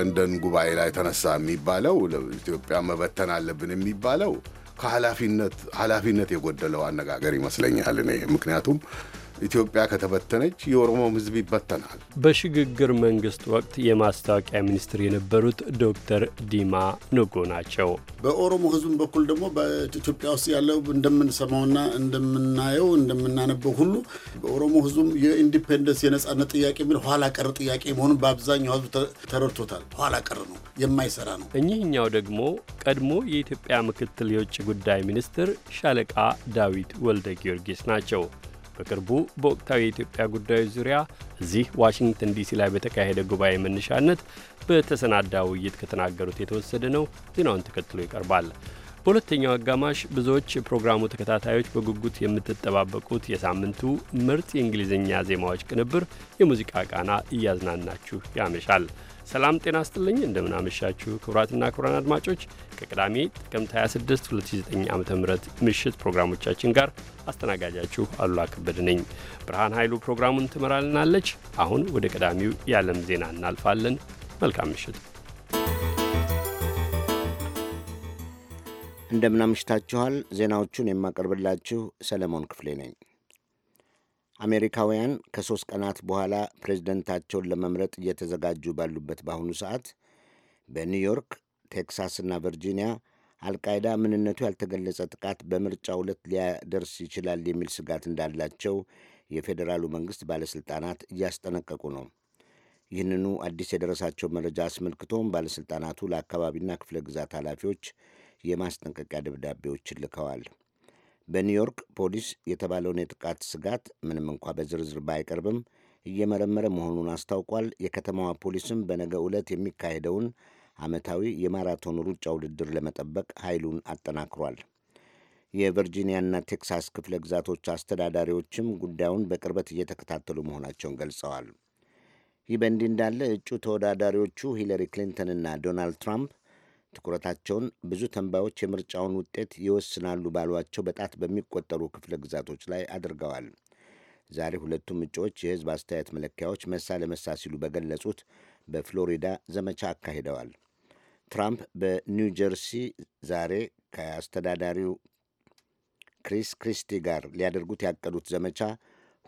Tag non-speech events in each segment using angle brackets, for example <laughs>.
ለንደን ጉባኤ ላይ ተነሳ የሚባለው ኢትዮጵያ መበተን አለብን የሚባለው ከኃላፊነት ኃላፊነት የጎደለው አነጋገር ይመስለኛል እኔ ምክንያቱም ኢትዮጵያ ከተበተነች የኦሮሞም ህዝብ ይበተናል። በሽግግር መንግስት ወቅት የማስታወቂያ ሚኒስትር የነበሩት ዶክተር ዲማ ንጎ ናቸው። በኦሮሞ ህዝብ በኩል ደግሞ በኢትዮጵያ ውስጥ ያለው እንደምንሰማውና እንደምናየው እንደምናነበው ሁሉ በኦሮሞ ህዝብም የኢንዲፔንደንስ የነጻነት ጥያቄ የሚል ኋላ ቀር ጥያቄ መሆኑን በአብዛኛው ህዝብ ተረድቶታል። ኋላ ቀር ነው፣ የማይሰራ ነው። እኚህኛው ደግሞ ቀድሞ የኢትዮጵያ ምክትል የውጭ ጉዳይ ሚኒስትር ሻለቃ ዳዊት ወልደ ጊዮርጊስ ናቸው። በቅርቡ በወቅታዊ የኢትዮጵያ ጉዳዮች ዙሪያ እዚህ ዋሽንግተን ዲሲ ላይ በተካሄደ ጉባኤ መነሻነት በተሰናዳ ውይይት ከተናገሩት የተወሰደ ነው። ዜናውን ተከትሎ ይቀርባል። በሁለተኛው አጋማሽ ብዙዎች የፕሮግራሙ ተከታታዮች በጉጉት የምትጠባበቁት የሳምንቱ ምርጥ የእንግሊዝኛ ዜማዎች ቅንብር የሙዚቃ ቃና እያዝናናችሁ ያመሻል። ሰላም ጤና ስጥልኝ። እንደምናመሻችሁ ክቡራትና ክቡራን አድማጮች ከቅዳሜ ጥቅምት 26 2009 ዓ ም ምሽት ፕሮግራሞቻችን ጋር አስተናጋጃችሁ አሉላ ከበድ ነኝ። ብርሃን ኃይሉ ፕሮግራሙን ትመራልናለች። አሁን ወደ ቀዳሚው የዓለም ዜና እናልፋለን። መልካም ምሽት። እንደምናምሽታችኋል። ዜናዎቹን የማቀርብላችሁ ሰለሞን ክፍሌ ነኝ። አሜሪካውያን ከሦስት ቀናት በኋላ ፕሬዝደንታቸውን ለመምረጥ እየተዘጋጁ ባሉበት በአሁኑ ሰዓት በኒውዮርክ፣ ቴክሳስና ቨርጂኒያ አልቃይዳ ምንነቱ ያልተገለጸ ጥቃት በምርጫ ዕለት ሊያደርስ ይችላል የሚል ስጋት እንዳላቸው የፌዴራሉ መንግሥት ባለሥልጣናት እያስጠነቀቁ ነው። ይህንኑ አዲስ የደረሳቸው መረጃ አስመልክቶም ባለሥልጣናቱ ለአካባቢና ክፍለ ግዛት ኃላፊዎች የማስጠንቀቂያ ደብዳቤዎችን ልከዋል። በኒውዮርክ ፖሊስ የተባለውን የጥቃት ስጋት ምንም እንኳ በዝርዝር ባይቀርብም እየመረመረ መሆኑን አስታውቋል። የከተማዋ ፖሊስም በነገ ዕለት የሚካሄደውን ዓመታዊ የማራቶን ሩጫ ውድድር ለመጠበቅ ኃይሉን አጠናክሯል። የቨርጂኒያና ቴክሳስ ክፍለ ግዛቶች አስተዳዳሪዎችም ጉዳዩን በቅርበት እየተከታተሉ መሆናቸውን ገልጸዋል። ይህ በእንዲህ እንዳለ እጩ ተወዳዳሪዎቹ ሂለሪ ክሊንተንና ዶናልድ ትራምፕ ትኩረታቸውን ብዙ ተንባዮች የምርጫውን ውጤት ይወስናሉ ባሏቸው በጣት በሚቆጠሩ ክፍለ ግዛቶች ላይ አድርገዋል። ዛሬ ሁለቱም እጩዎች የሕዝብ አስተያየት መለኪያዎች መሳ ለመሳ ሲሉ በገለጹት በፍሎሪዳ ዘመቻ አካሂደዋል። ትራምፕ በኒው ጀርሲ ዛሬ ከአስተዳዳሪው ክሪስ ክሪስቲ ጋር ሊያደርጉት ያቀዱት ዘመቻ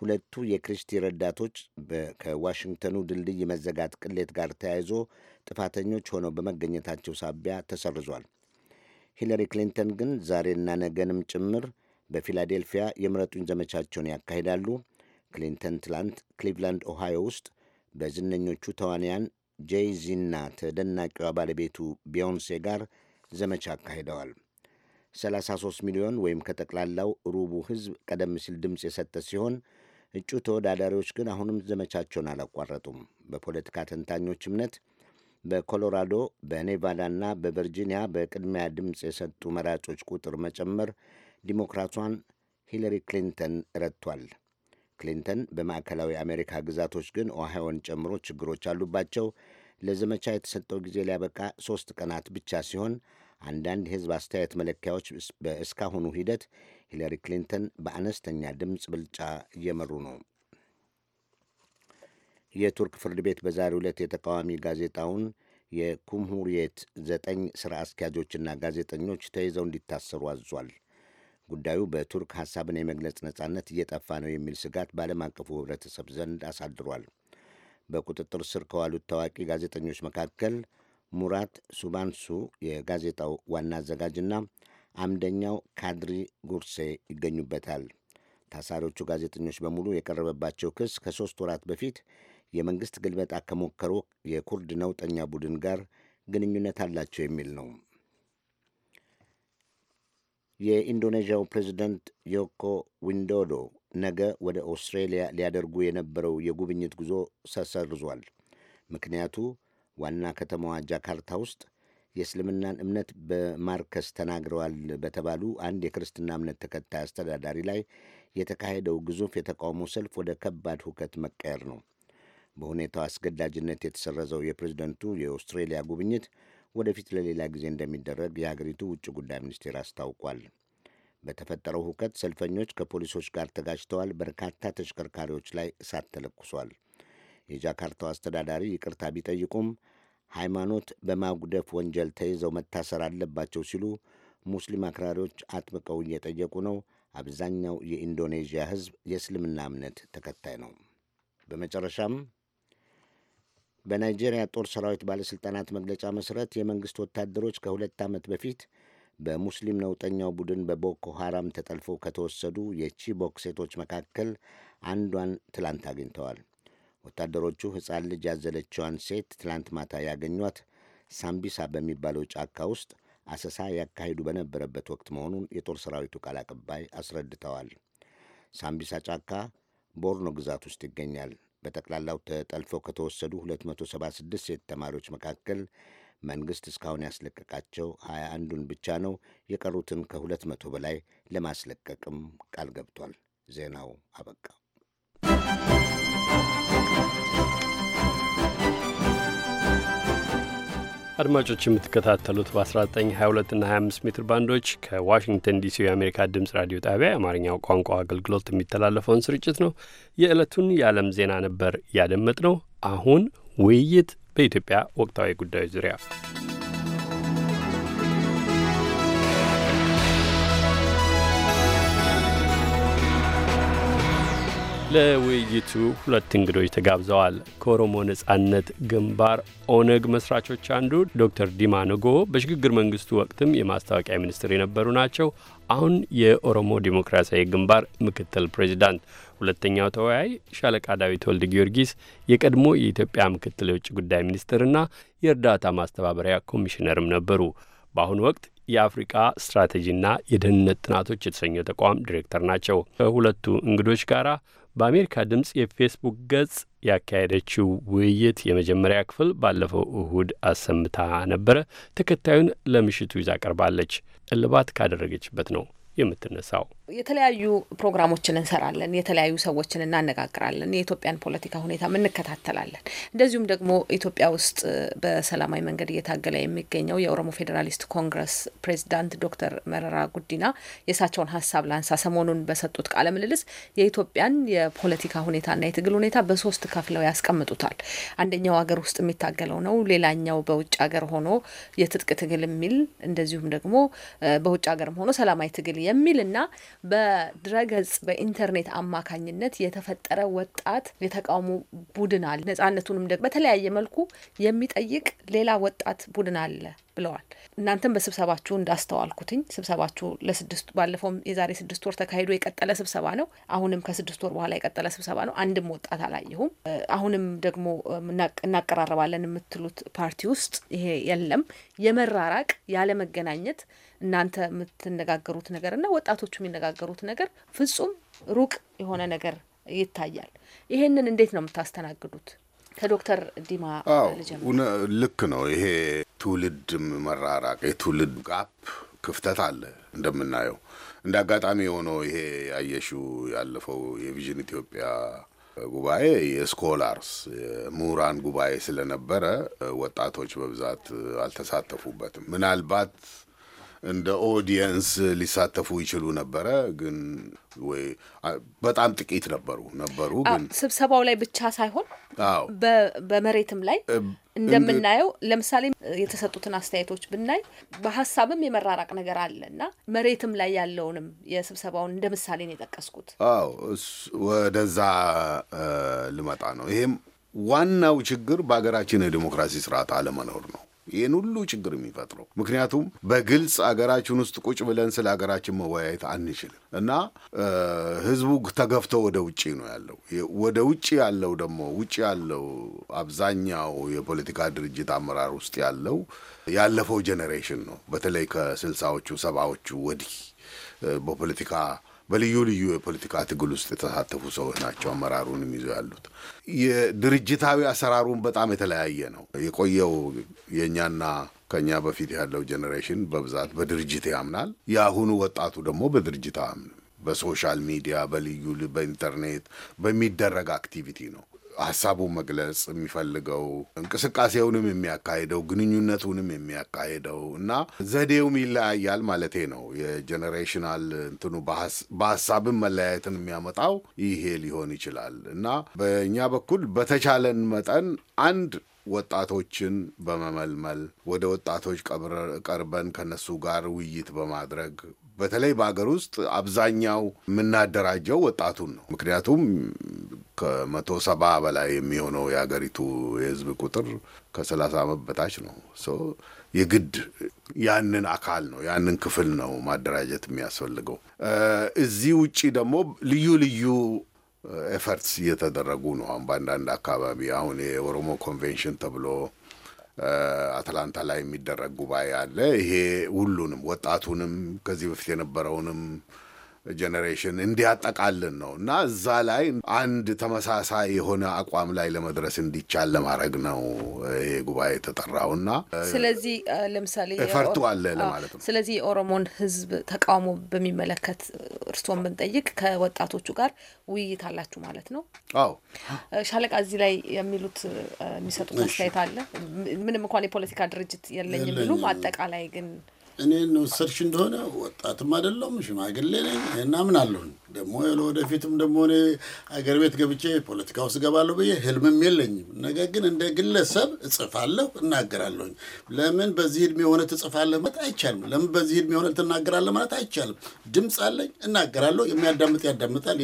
ሁለቱ የክሪስቲ ረዳቶች ከዋሽንግተኑ ድልድይ መዘጋት ቅሌት ጋር ተያይዞ ጥፋተኞች ሆነው በመገኘታቸው ሳቢያ ተሰርዟል። ሂለሪ ክሊንተን ግን ዛሬና ነገንም ጭምር በፊላዴልፊያ የምረጡኝ ዘመቻቸውን ያካሂዳሉ። ክሊንተን ትላንት ክሊቭላንድ ኦሃዮ ውስጥ በዝነኞቹ ተዋንያን ጄይ ዚና ተደናቂዋ ባለቤቱ ቢዮንሴ ጋር ዘመቻ አካሂደዋል። 33 ሚሊዮን ወይም ከጠቅላላው ሩቡ ሕዝብ ቀደም ሲል ድምፅ የሰጠ ሲሆን እጩ ተወዳዳሪዎች ግን አሁንም ዘመቻቸውን አላቋረጡም። በፖለቲካ ተንታኞች እምነት በኮሎራዶ፣ በኔቫዳና በቨርጂኒያ በቅድሚያ ድምፅ የሰጡ መራጮች ቁጥር መጨመር ዲሞክራቷን ሂለሪ ክሊንተን ረድቷል። ክሊንተን በማዕከላዊ አሜሪካ ግዛቶች ግን ኦሃዮን ጨምሮ ችግሮች አሉባቸው። ለዘመቻ የተሰጠው ጊዜ ሊያበቃ ሶስት ቀናት ብቻ ሲሆን አንዳንድ የሕዝብ አስተያየት መለኪያዎች በእስካሁኑ ሂደት ሂላሪ ክሊንተን በአነስተኛ ድምፅ ብልጫ እየመሩ ነው። የቱርክ ፍርድ ቤት በዛሬ ዕለት የተቃዋሚ ጋዜጣውን የኩምሁሪየት ዘጠኝ ሥራ አስኪያጆችና ጋዜጠኞች ተይዘው እንዲታሰሩ አዟል። ጉዳዩ በቱርክ ሐሳብን የመግለጽ ነጻነት እየጠፋ ነው የሚል ስጋት በዓለም አቀፉ ህብረተሰብ ዘንድ አሳድሯል። በቁጥጥር ስር ከዋሉት ታዋቂ ጋዜጠኞች መካከል ሙራት ሱባንሱ የጋዜጣው ዋና አዘጋጅና አምደኛው ካድሪ ጉርሴ ይገኙበታል። ታሳሪዎቹ ጋዜጠኞች በሙሉ የቀረበባቸው ክስ ከሦስት ወራት በፊት የመንግሥት ግልበጣ ከሞከሩ የኩርድ ነውጠኛ ቡድን ጋር ግንኙነት አላቸው የሚል ነው። የኢንዶኔዥያው ፕሬዚደንት ዮኮ ዊንዶዶ ነገ ወደ ኦስትሬሊያ ሊያደርጉ የነበረው የጉብኝት ጉዞ ተሰርዟል። ምክንያቱ ዋና ከተማዋ ጃካርታ ውስጥ የእስልምናን እምነት በማርከስ ተናግረዋል በተባሉ አንድ የክርስትና እምነት ተከታይ አስተዳዳሪ ላይ የተካሄደው ግዙፍ የተቃውሞ ሰልፍ ወደ ከባድ ሁከት መቀየር ነው። በሁኔታው አስገዳጅነት የተሰረዘው የፕሬዝደንቱ የኦስትሬሊያ ጉብኝት ወደፊት ለሌላ ጊዜ እንደሚደረግ የሀገሪቱ ውጭ ጉዳይ ሚኒስቴር አስታውቋል። በተፈጠረው ሁከት ሰልፈኞች ከፖሊሶች ጋር ተጋጭተዋል። በርካታ ተሽከርካሪዎች ላይ እሳት ተለኩሷል። የጃካርታው አስተዳዳሪ ይቅርታ ቢጠይቁም ሃይማኖት በማጉደፍ ወንጀል ተይዘው መታሰር አለባቸው ሲሉ ሙስሊም አክራሪዎች አጥብቀው እየጠየቁ ነው። አብዛኛው የኢንዶኔዥያ ሕዝብ የእስልምና እምነት ተከታይ ነው። በመጨረሻም በናይጄሪያ ጦር ሰራዊት ባለሥልጣናት መግለጫ መሠረት የመንግሥት ወታደሮች ከሁለት ዓመት በፊት በሙስሊም ነውጠኛው ቡድን በቦኮ ሃራም ተጠልፈው ከተወሰዱ የቺቦክ ሴቶች መካከል አንዷን ትላንት አግኝተዋል። ወታደሮቹ ሕፃን ልጅ ያዘለችዋን ሴት ትላንት ማታ ያገኟት ሳምቢሳ በሚባለው ጫካ ውስጥ አሰሳ ያካሂዱ በነበረበት ወቅት መሆኑን የጦር ሰራዊቱ ቃል አቀባይ አስረድተዋል። ሳምቢሳ ጫካ ቦርኖ ግዛት ውስጥ ይገኛል። በጠቅላላው ተጠልፈው ከተወሰዱ 276 ሴት ተማሪዎች መካከል መንግሥት እስካሁን ያስለቀቃቸው 21ዱን ብቻ ነው። የቀሩትን ከ200 በላይ ለማስለቀቅም ቃል ገብቷል። ዜናው አበቃ። አድማጮች የምትከታተሉት በ1922ና 25 ሜትር ባንዶች ከዋሽንግተን ዲሲ የአሜሪካ ድምፅ ራዲዮ ጣቢያ የአማርኛው ቋንቋ አገልግሎት የሚተላለፈውን ስርጭት ነው። የዕለቱን የዓለም ዜና ነበር ያደመጥ ነው። አሁን ውይይት በኢትዮጵያ ወቅታዊ ጉዳዮች ዙሪያ ለውይይቱ ሁለት እንግዶች ተጋብዘዋል። ከኦሮሞ ነጻነት ግንባር ኦነግ መስራቾች አንዱ ዶክተር ዲማ ነጎ በሽግግር መንግስቱ ወቅትም የማስታወቂያ ሚኒስትር የነበሩ ናቸው። አሁን የኦሮሞ ዴሞክራሲያዊ ግንባር ምክትል ፕሬዚዳንት። ሁለተኛው ተወያይ ሻለቃ ዳዊት ወልድ ጊዮርጊስ የቀድሞ የኢትዮጵያ ምክትል የውጭ ጉዳይ ሚኒስትርና የእርዳታ ማስተባበሪያ ኮሚሽነርም ነበሩ። በአሁኑ ወቅት የአፍሪቃ ስትራቴጂና የደህንነት ጥናቶች የተሰኘው ተቋም ዲሬክተር ናቸው። ከሁለቱ እንግዶች ጋራ በአሜሪካ ድምፅ የፌስቡክ ገጽ ያካሄደችው ውይይት የመጀመሪያ ክፍል ባለፈው እሁድ አሰምታ ነበረ። ተከታዩን ለምሽቱ ይዛ ቀርባለች። እልባት ካደረገችበት ነው የምትነሳው። የተለያዩ ፕሮግራሞችን እንሰራለን። የተለያዩ ሰዎችን እናነጋግራለን። የኢትዮጵያን ፖለቲካ ሁኔታ እንከታተላለን። እንደዚሁም ደግሞ ኢትዮጵያ ውስጥ በሰላማዊ መንገድ እየታገለ የሚገኘው የኦሮሞ ፌዴራሊስት ኮንግረስ ፕሬዚዳንት ዶክተር መረራ ጉዲና የእሳቸውን ሀሳብ ላንሳ። ሰሞኑን በሰጡት ቃለ ምልልስ የኢትዮጵያን የፖለቲካ ሁኔታና የትግል ሁኔታ በሶስት ከፍለው ያስቀምጡታል። አንደኛው ሀገር ውስጥ የሚታገለው ነው። ሌላኛው በውጭ ሀገር ሆኖ የትጥቅ ትግል የሚል እንደዚሁም ደግሞ በውጭ ሀገርም ሆኖ ሰላማዊ ትግል የሚል እና በድረገጽ በኢንተርኔት አማካኝነት የተፈጠረ ወጣት የተቃውሞ ቡድን አለ፣ ነጻነቱንም በተለያየ መልኩ የሚጠይቅ ሌላ ወጣት ቡድን አለ ብለዋል። እናንተም በስብሰባችሁ እንዳስተዋልኩትኝ ስብሰባችሁ ለስድስት ባለፈውም የዛሬ ስድስት ወር ተካሂዶ የቀጠለ ስብሰባ ነው። አሁንም ከስድስት ወር በኋላ የቀጠለ ስብሰባ ነው። አንድም ወጣት አላየሁም። አሁንም ደግሞ እናቀራረባለን የምትሉት ፓርቲ ውስጥ ይሄ የለም። የመራራቅ ያለመገናኘት እናንተ የምትነጋገሩት ነገር እና ወጣቶቹ የሚነጋገሩት ነገር ፍጹም ሩቅ የሆነ ነገር ይታያል። ይሄንን እንዴት ነው የምታስተናግዱት? ከዶክተር ዲማ ልክ ነው። ይሄ ትውልድ መራራቅ፣ የትውልድ ጋፕ ክፍተት አለ እንደምናየው። እንደ አጋጣሚ የሆነው ይሄ ያየሹ ያለፈው የቪዥን ኢትዮጵያ ጉባኤ የስኮላርስ ምሁራን ጉባኤ ስለነበረ ወጣቶች በብዛት አልተሳተፉበትም። ምናልባት እንደ ኦዲየንስ ሊሳተፉ ይችሉ ነበረ ግን ወይ በጣም ጥቂት ነበሩ ነበሩ ግን ስብሰባው ላይ ብቻ ሳይሆን በመሬትም ላይ እንደምናየው ለምሳሌ የተሰጡትን አስተያየቶች ብናይ በሀሳብም የመራራቅ ነገር አለ እና መሬትም ላይ ያለውንም የስብሰባውን እንደ ምሳሌ ነው የጠቀስኩት። አዎ ወደዛ ልመጣ ነው። ይሄም ዋናው ችግር በሀገራችን የዲሞክራሲ ስርዓት አለመኖር ነው። ይህን ሁሉ ችግር የሚፈጥረው ምክንያቱም በግልጽ አገራችን ውስጥ ቁጭ ብለን ስለ አገራችን መወያየት አንችልም እና ህዝቡ ተገፍቶ ወደ ውጭ ነው ያለው። ወደ ውጭ ያለው ደግሞ ውጭ ያለው አብዛኛው የፖለቲካ ድርጅት አመራር ውስጥ ያለው ያለፈው ጄኔሬሽን ነው። በተለይ ከስልሳዎቹ ሰባዎቹ ወዲህ በፖለቲካ በልዩ ልዩ የፖለቲካ ትግል ውስጥ የተሳተፉ ሰዎች ናቸው አመራሩን ይዘው ያሉት። የድርጅታዊ አሰራሩን በጣም የተለያየ ነው። የቆየው የእኛና ከኛ በፊት ያለው ጄኔሬሽን በብዛት በድርጅት ያምናል። የአሁኑ ወጣቱ ደግሞ በድርጅት አያምንም። በሶሻል ሚዲያ፣ በልዩ በኢንተርኔት በሚደረግ አክቲቪቲ ነው። ሀሳቡ መግለጽ የሚፈልገው እንቅስቃሴውንም የሚያካሄደው ግንኙነቱንም የሚያካሄደው እና ዘዴውም ይለያያል ማለቴ ነው። የጀኔሬሽናል እንትኑ በሀሳብን መለያየትን የሚያመጣው ይሄ ሊሆን ይችላል እና በእኛ በኩል በተቻለን መጠን አንድ ወጣቶችን በመመልመል ወደ ወጣቶች ቀርበን ከነሱ ጋር ውይይት በማድረግ በተለይ በሀገር ውስጥ አብዛኛው የምናደራጀው ወጣቱን ነው። ምክንያቱም ከመቶ ሰባ በላይ የሚሆነው የሀገሪቱ የህዝብ ቁጥር ከሰላሳ ዓመት በታች ነው። የግድ ያንን አካል ነው ያንን ክፍል ነው ማደራጀት የሚያስፈልገው። እዚህ ውጪ ደግሞ ልዩ ልዩ ኤፈርትስ እየተደረጉ ነው። አሁን በአንዳንድ አካባቢ አሁን የኦሮሞ ኮንቬንሽን ተብሎ አትላንታ ላይ የሚደረግ ጉባኤ አለ። ይሄ ሁሉንም ወጣቱንም ከዚህ በፊት የነበረውንም ጄኔሬሽን እንዲያጠቃልን ነው እና እዛ ላይ አንድ ተመሳሳይ የሆነ አቋም ላይ ለመድረስ እንዲቻል ለማድረግ ነው ይሄ ጉባኤ የተጠራው እና ስለዚህ ለምሳሌ ፈርቷል ለማለት ነው። ስለዚህ የኦሮሞን ህዝብ ተቃውሞ በሚመለከት እርስዎን ብንጠይቅ ከወጣቶቹ ጋር ውይይት አላችሁ ማለት ነው? አዎ። ሻለቃ እዚህ ላይ የሚሉት የሚሰጡት አስተያየት አለ? ምንም እንኳን የፖለቲካ ድርጅት የለኝም ብሉም አጠቃላይ ግን እኔን ወሰድሽ እንደሆነ ወጣትም አይደለሁም ሽማግሌ ነኝ እና ምን አለሁኝ ደግሞ ለወደፊትም ደግሞ እኔ አገር ቤት ገብቼ ፖለቲካ ውስጥ ገባለሁ ብዬ ህልምም የለኝም። ነገር ግን እንደ ግለሰብ እጽፋለሁ፣ እናገራለሁኝ። ለምን በዚህ እድሜ የሆነ ትጽፋለህ ማለት አይቻልም። ለምን በዚህ እድሜ የሆነ ትናገራለህ ማለት አይቻልም። ድምፅ አለኝ፣ እናገራለሁ። የሚያዳምጥ ያዳምጣል፣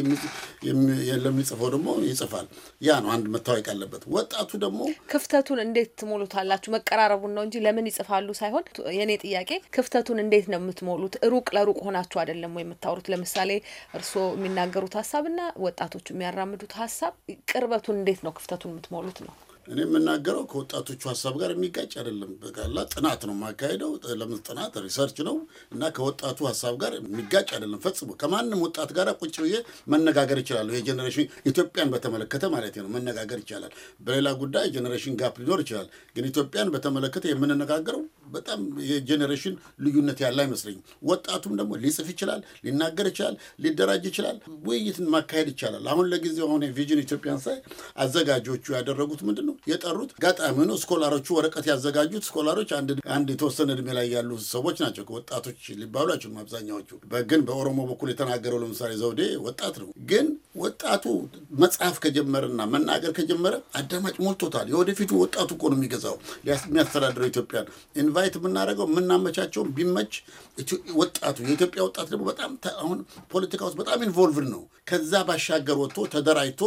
ለሚጽፈው ደግሞ ይጽፋል። ያ ነው አንድ መታወቅ ያለበት። ወጣቱ ደግሞ ክፍተቱን እንዴት ትሞሉታላችሁ? መቀራረቡን ነው እንጂ ለምን ይጽፋሉ ሳይሆን፣ የእኔ ጥያቄ ክፍተቱን እንዴት ነው የምትሞሉት? ሩቅ ለሩቅ ሆናችሁ አይደለም ወይ የምታወሩት? ለምሳሌ እርስ እርስዎ የሚናገሩት ሀሳብና ወጣቶች የሚያራምዱት ሀሳብ ቅርበቱን እንዴት ነው ክፍተቱን የምትሞሉት ነው? እኔ የምናገረው ከወጣቶቹ ሀሳብ ጋር የሚጋጭ አይደለም። በቃላ ጥናት ነው የማካሄደው። ለምን ጥናት ሪሰርች ነው እና ከወጣቱ ሀሳብ ጋር የሚጋጭ አይደለም ፈጽሞ። ከማንም ወጣት ጋር ቁጭ ብዬ መነጋገር ይችላሉ። የጀኔሬሽን ኢትዮጵያን በተመለከተ ማለት ነው መነጋገር ይቻላል። በሌላ ጉዳይ ጀኔሬሽን ጋፕ ሊኖር ይችላል። ግን ኢትዮጵያን በተመለከተ የምንነጋገረው በጣም የጀኔሬሽን ልዩነት ያለ አይመስለኝም። ወጣቱም ደግሞ ሊጽፍ ይችላል፣ ሊናገር ይችላል፣ ሊደራጅ ይችላል። ውይይትን ማካሄድ ይቻላል። አሁን ለጊዜው አሁን የቪዥን ኢትዮጵያን ሳይ አዘጋጆቹ ያደረጉት ምንድን ነው የጠሩት ጋጣሚ ስኮላሮቹ ወረቀት ያዘጋጁት ስኮላሮች አንድ የተወሰነ እድሜ ላይ ያሉ ሰዎች ናቸው። ወጣቶች ሊባሉ አይችሉም። አብዛኛዎቹ ግን በኦሮሞ በኩል የተናገረው ለምሳሌ ዘውዴ ወጣት ነው። ግን ወጣቱ መጽሐፍ ከጀመረና መናገር ከጀመረ አዳማጭ ሞልቶታል። የወደፊቱ ወጣቱ እኮ ነው የሚገዛው የሚያስተዳድረው ኢትዮጵያን። ኢንቫይት የምናደርገው የምናመቻቸውን ቢመች ወጣቱ የኢትዮጵያ ወጣት ደግሞ በጣም አሁን ፖለቲካ ውስጥ በጣም ኢንቮልቭድ ነው። ከዛ ባሻገር ወጥቶ ተደራጅቶ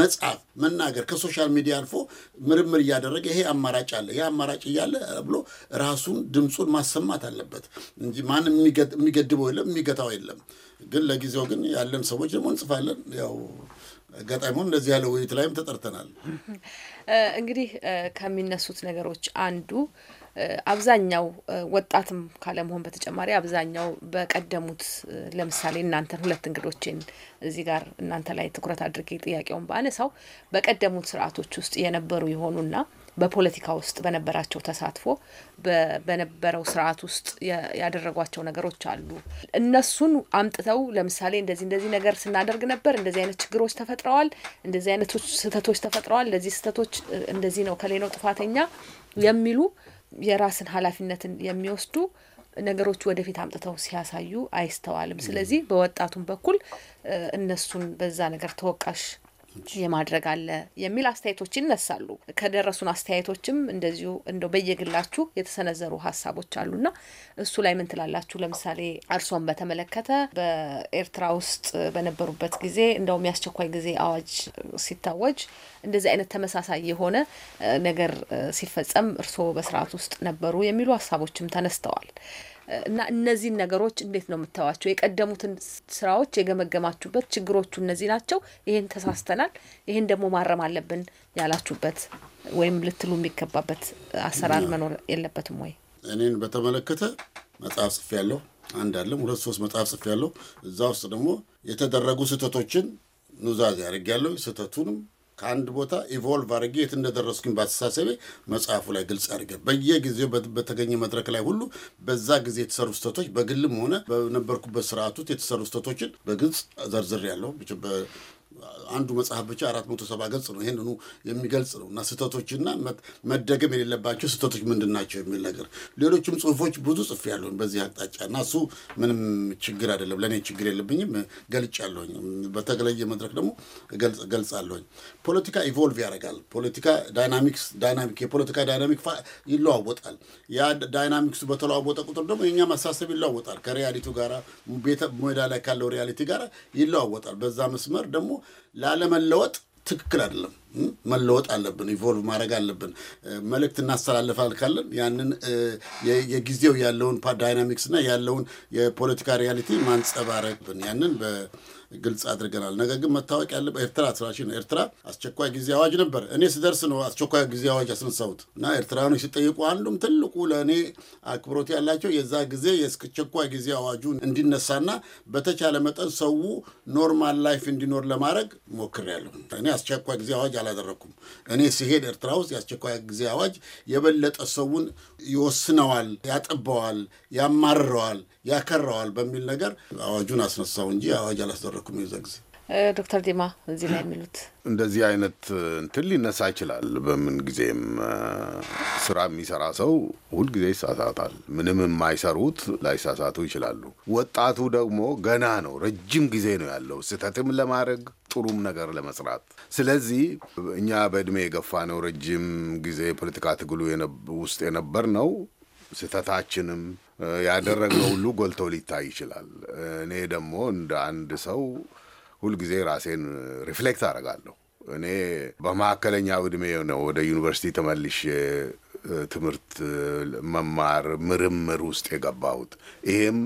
መጽሐፍ መናገር ከሶሻል ሚዲያ አልፎ ምርምር እያደረገ ይሄ አማራጭ አለ ይሄ አማራጭ እያለ ብሎ ራሱን ድምፁን ማሰማት አለበት እንጂ ማንም የሚገድበው የለም የሚገታው የለም። ግን ለጊዜው ግን ያለን ሰዎች ደግሞ እንጽፋለን ያው አጋጣሚ እንደዚህ ያለ ውይይት ላይም ተጠርተናል። እንግዲህ ከሚነሱት ነገሮች አንዱ አብዛኛው ወጣትም ካለመሆን በተጨማሪ አብዛኛው በቀደሙት ለምሳሌ እናንተን ሁለት እንግዶችን እዚህ ጋር እናንተ ላይ ትኩረት አድርጌ ጥያቄውን በአነሳው በቀደሙት ስርዓቶች ውስጥ የነበሩ የሆኑና በፖለቲካ ውስጥ በነበራቸው ተሳትፎ በነበረው ስርዓት ውስጥ ያደረጓቸው ነገሮች አሉ። እነሱን አምጥተው ለምሳሌ እንደዚህ እንደዚህ ነገር ስናደርግ ነበር፣ እንደዚህ አይነት ችግሮች ተፈጥረዋል፣ እንደዚህ አይነቶች ስህተቶች ተፈጥረዋል፣ እንደዚህ ስህተቶች እንደዚህ ነው ከሌ ነው ጥፋተኛ የሚሉ የራስን ኃላፊነትን የሚወስዱ ነገሮች ወደፊት አምጥተው ሲያሳዩ አይስተዋልም። ስለዚህ በወጣቱም በኩል እነሱን በዛ ነገር ተወቃሽ የማድረግ አለ የሚል አስተያየቶች ይነሳሉ። ከደረሱን አስተያየቶችም እንደዚሁ እንደው በየግላችሁ የተሰነዘሩ ሀሳቦች አሉና እሱ ላይ ምን ትላላችሁ? ለምሳሌ እርሶን በተመለከተ በኤርትራ ውስጥ በነበሩበት ጊዜ እንደውም የአስቸኳይ ጊዜ አዋጅ ሲታወጅ እንደዚህ አይነት ተመሳሳይ የሆነ ነገር ሲፈጸም እርስዎ በስርዓት ውስጥ ነበሩ የሚሉ ሀሳቦችም ተነስተዋል። እና እነዚህን ነገሮች እንዴት ነው የምታዋቸው? የቀደሙትን ስራዎች የገመገማችሁበት ችግሮቹ እነዚህ ናቸው፣ ይህን ተሳስተናል፣ ይህን ደግሞ ማረም አለብን ያላችሁበት ወይም ልትሉ የሚገባበት አሰራር መኖር የለበትም ወይ? እኔን በተመለከተ መጽሐፍ ጽፌ ያለሁ አንድ አለም ሁለት ሶስት መጽሐፍ ጽፌ ያለሁ። እዛ ውስጥ ደግሞ የተደረጉ ስህተቶችን ኑዛዜ አድርጌ ያለሁ ስህተቱንም ከአንድ ቦታ ኢቮልቭ አድርጌ የት እንደደረስኩኝ በአስተሳሰቤ መጽሐፉ ላይ ግልጽ አድርገ በየጊዜው በተገኘ መድረክ ላይ ሁሉ በዛ ጊዜ የተሰሩ ስህተቶች በግልም ሆነ በነበርኩበት ስርዓት የተሰሩ ስህተቶችን በግልጽ ዘርዝሬያለሁ። አንዱ መጽሐፍ ብቻ አራት መቶ ሰባ ገጽ ነው። ይህንኑ የሚገልጽ ነው እና ስህተቶችና መደገም የሌለባቸው ስህተቶች ምንድን ናቸው የሚል ነገር ሌሎችም ጽሁፎች ብዙ ጽፍ ያለሁኝ በዚህ አቅጣጫ እና እሱ ምንም ችግር አይደለም፣ ለእኔ ችግር የለብኝም። ገልጭ ያለሁኝ በተለየ መድረክ ደግሞ ገልጽ አለሁኝ። ፖለቲካ ኢቮልቭ ያደርጋል። ፖለቲካ ዳይናሚክስ ዳይናሚክ የፖለቲካ ዳይናሚክ ይለዋወጣል። ያ ዳይናሚክሱ በተለዋወጠ ቁጥር ደግሞ የኛ አሳሰብ ይለዋወጣል። ከሪያሊቲው ጋራ ቤተ ሜዳ ላይ ካለው ሪያሊቲ ጋራ ይለዋወጣል። በዛ መስመር ደግሞ ላለመለወጥ ትክክል አይደለም። መለወጥ አለብን፣ ኢቮልቭ ማድረግ አለብን። መልእክት እናስተላልፋል ካለን ያንን የጊዜው ያለውን ዳይናሚክስ እና ያለውን የፖለቲካ ሪያሊቲ ማንጸባረቅብን ያንን ግልጽ አድርገናል። ነገር ግን መታወቅ ያለበት ኤርትራ ስራሽ ነው። ኤርትራ አስቸኳይ ጊዜ አዋጅ ነበር። እኔ ስደርስ ነው አስቸኳይ ጊዜ አዋጅ ያስነሳሁት እና ኤርትራኖች ሲጠይቁ አንዱም ትልቁ ለእኔ አክብሮት ያላቸው የዛ ጊዜ የአስቸኳይ ጊዜ አዋጁ እንዲነሳና በተቻለ መጠን ሰው ኖርማል ላይፍ እንዲኖር ለማድረግ ሞክሬያለሁ። እኔ አስቸኳይ ጊዜ አዋጅ አላደረግኩም። እኔ ሲሄድ ኤርትራ ውስጥ የአስቸኳይ ጊዜ አዋጅ የበለጠ ሰውን ይወስነዋል፣ ያጠበዋል፣ ያማርረዋል ያከራዋል በሚል ነገር አዋጁን አስነሳው እንጂ አዋጅ አላስደረኩም የዛ ጊዜ። ዶክተር ዲማ እዚህ ላይ የሚሉት እንደዚህ አይነት እንትን ሊነሳ ይችላል። በምን ጊዜም ስራ የሚሰራ ሰው ሁልጊዜ ይሳሳታል። ምንም የማይሰሩት ላይሳሳቱ ይችላሉ። ወጣቱ ደግሞ ገና ነው፣ ረጅም ጊዜ ነው ያለው ስህተትም ለማድረግ ጥሩም ነገር ለመስራት። ስለዚህ እኛ በእድሜ የገፋ ነው፣ ረጅም ጊዜ ፖለቲካ ትግሉ ውስጥ የነበር ነው ስህተታችንም ያደረግነው ሁሉ ጎልቶ ሊታይ ይችላል። እኔ ደግሞ እንደ አንድ ሰው ሁልጊዜ ራሴን ሪፍሌክት አደርጋለሁ። እኔ በመካከለኛ እድሜ ነው ወደ ዩኒቨርሲቲ ተመልሼ ትምህርት መማር፣ ምርምር ውስጥ የገባሁት ይሄም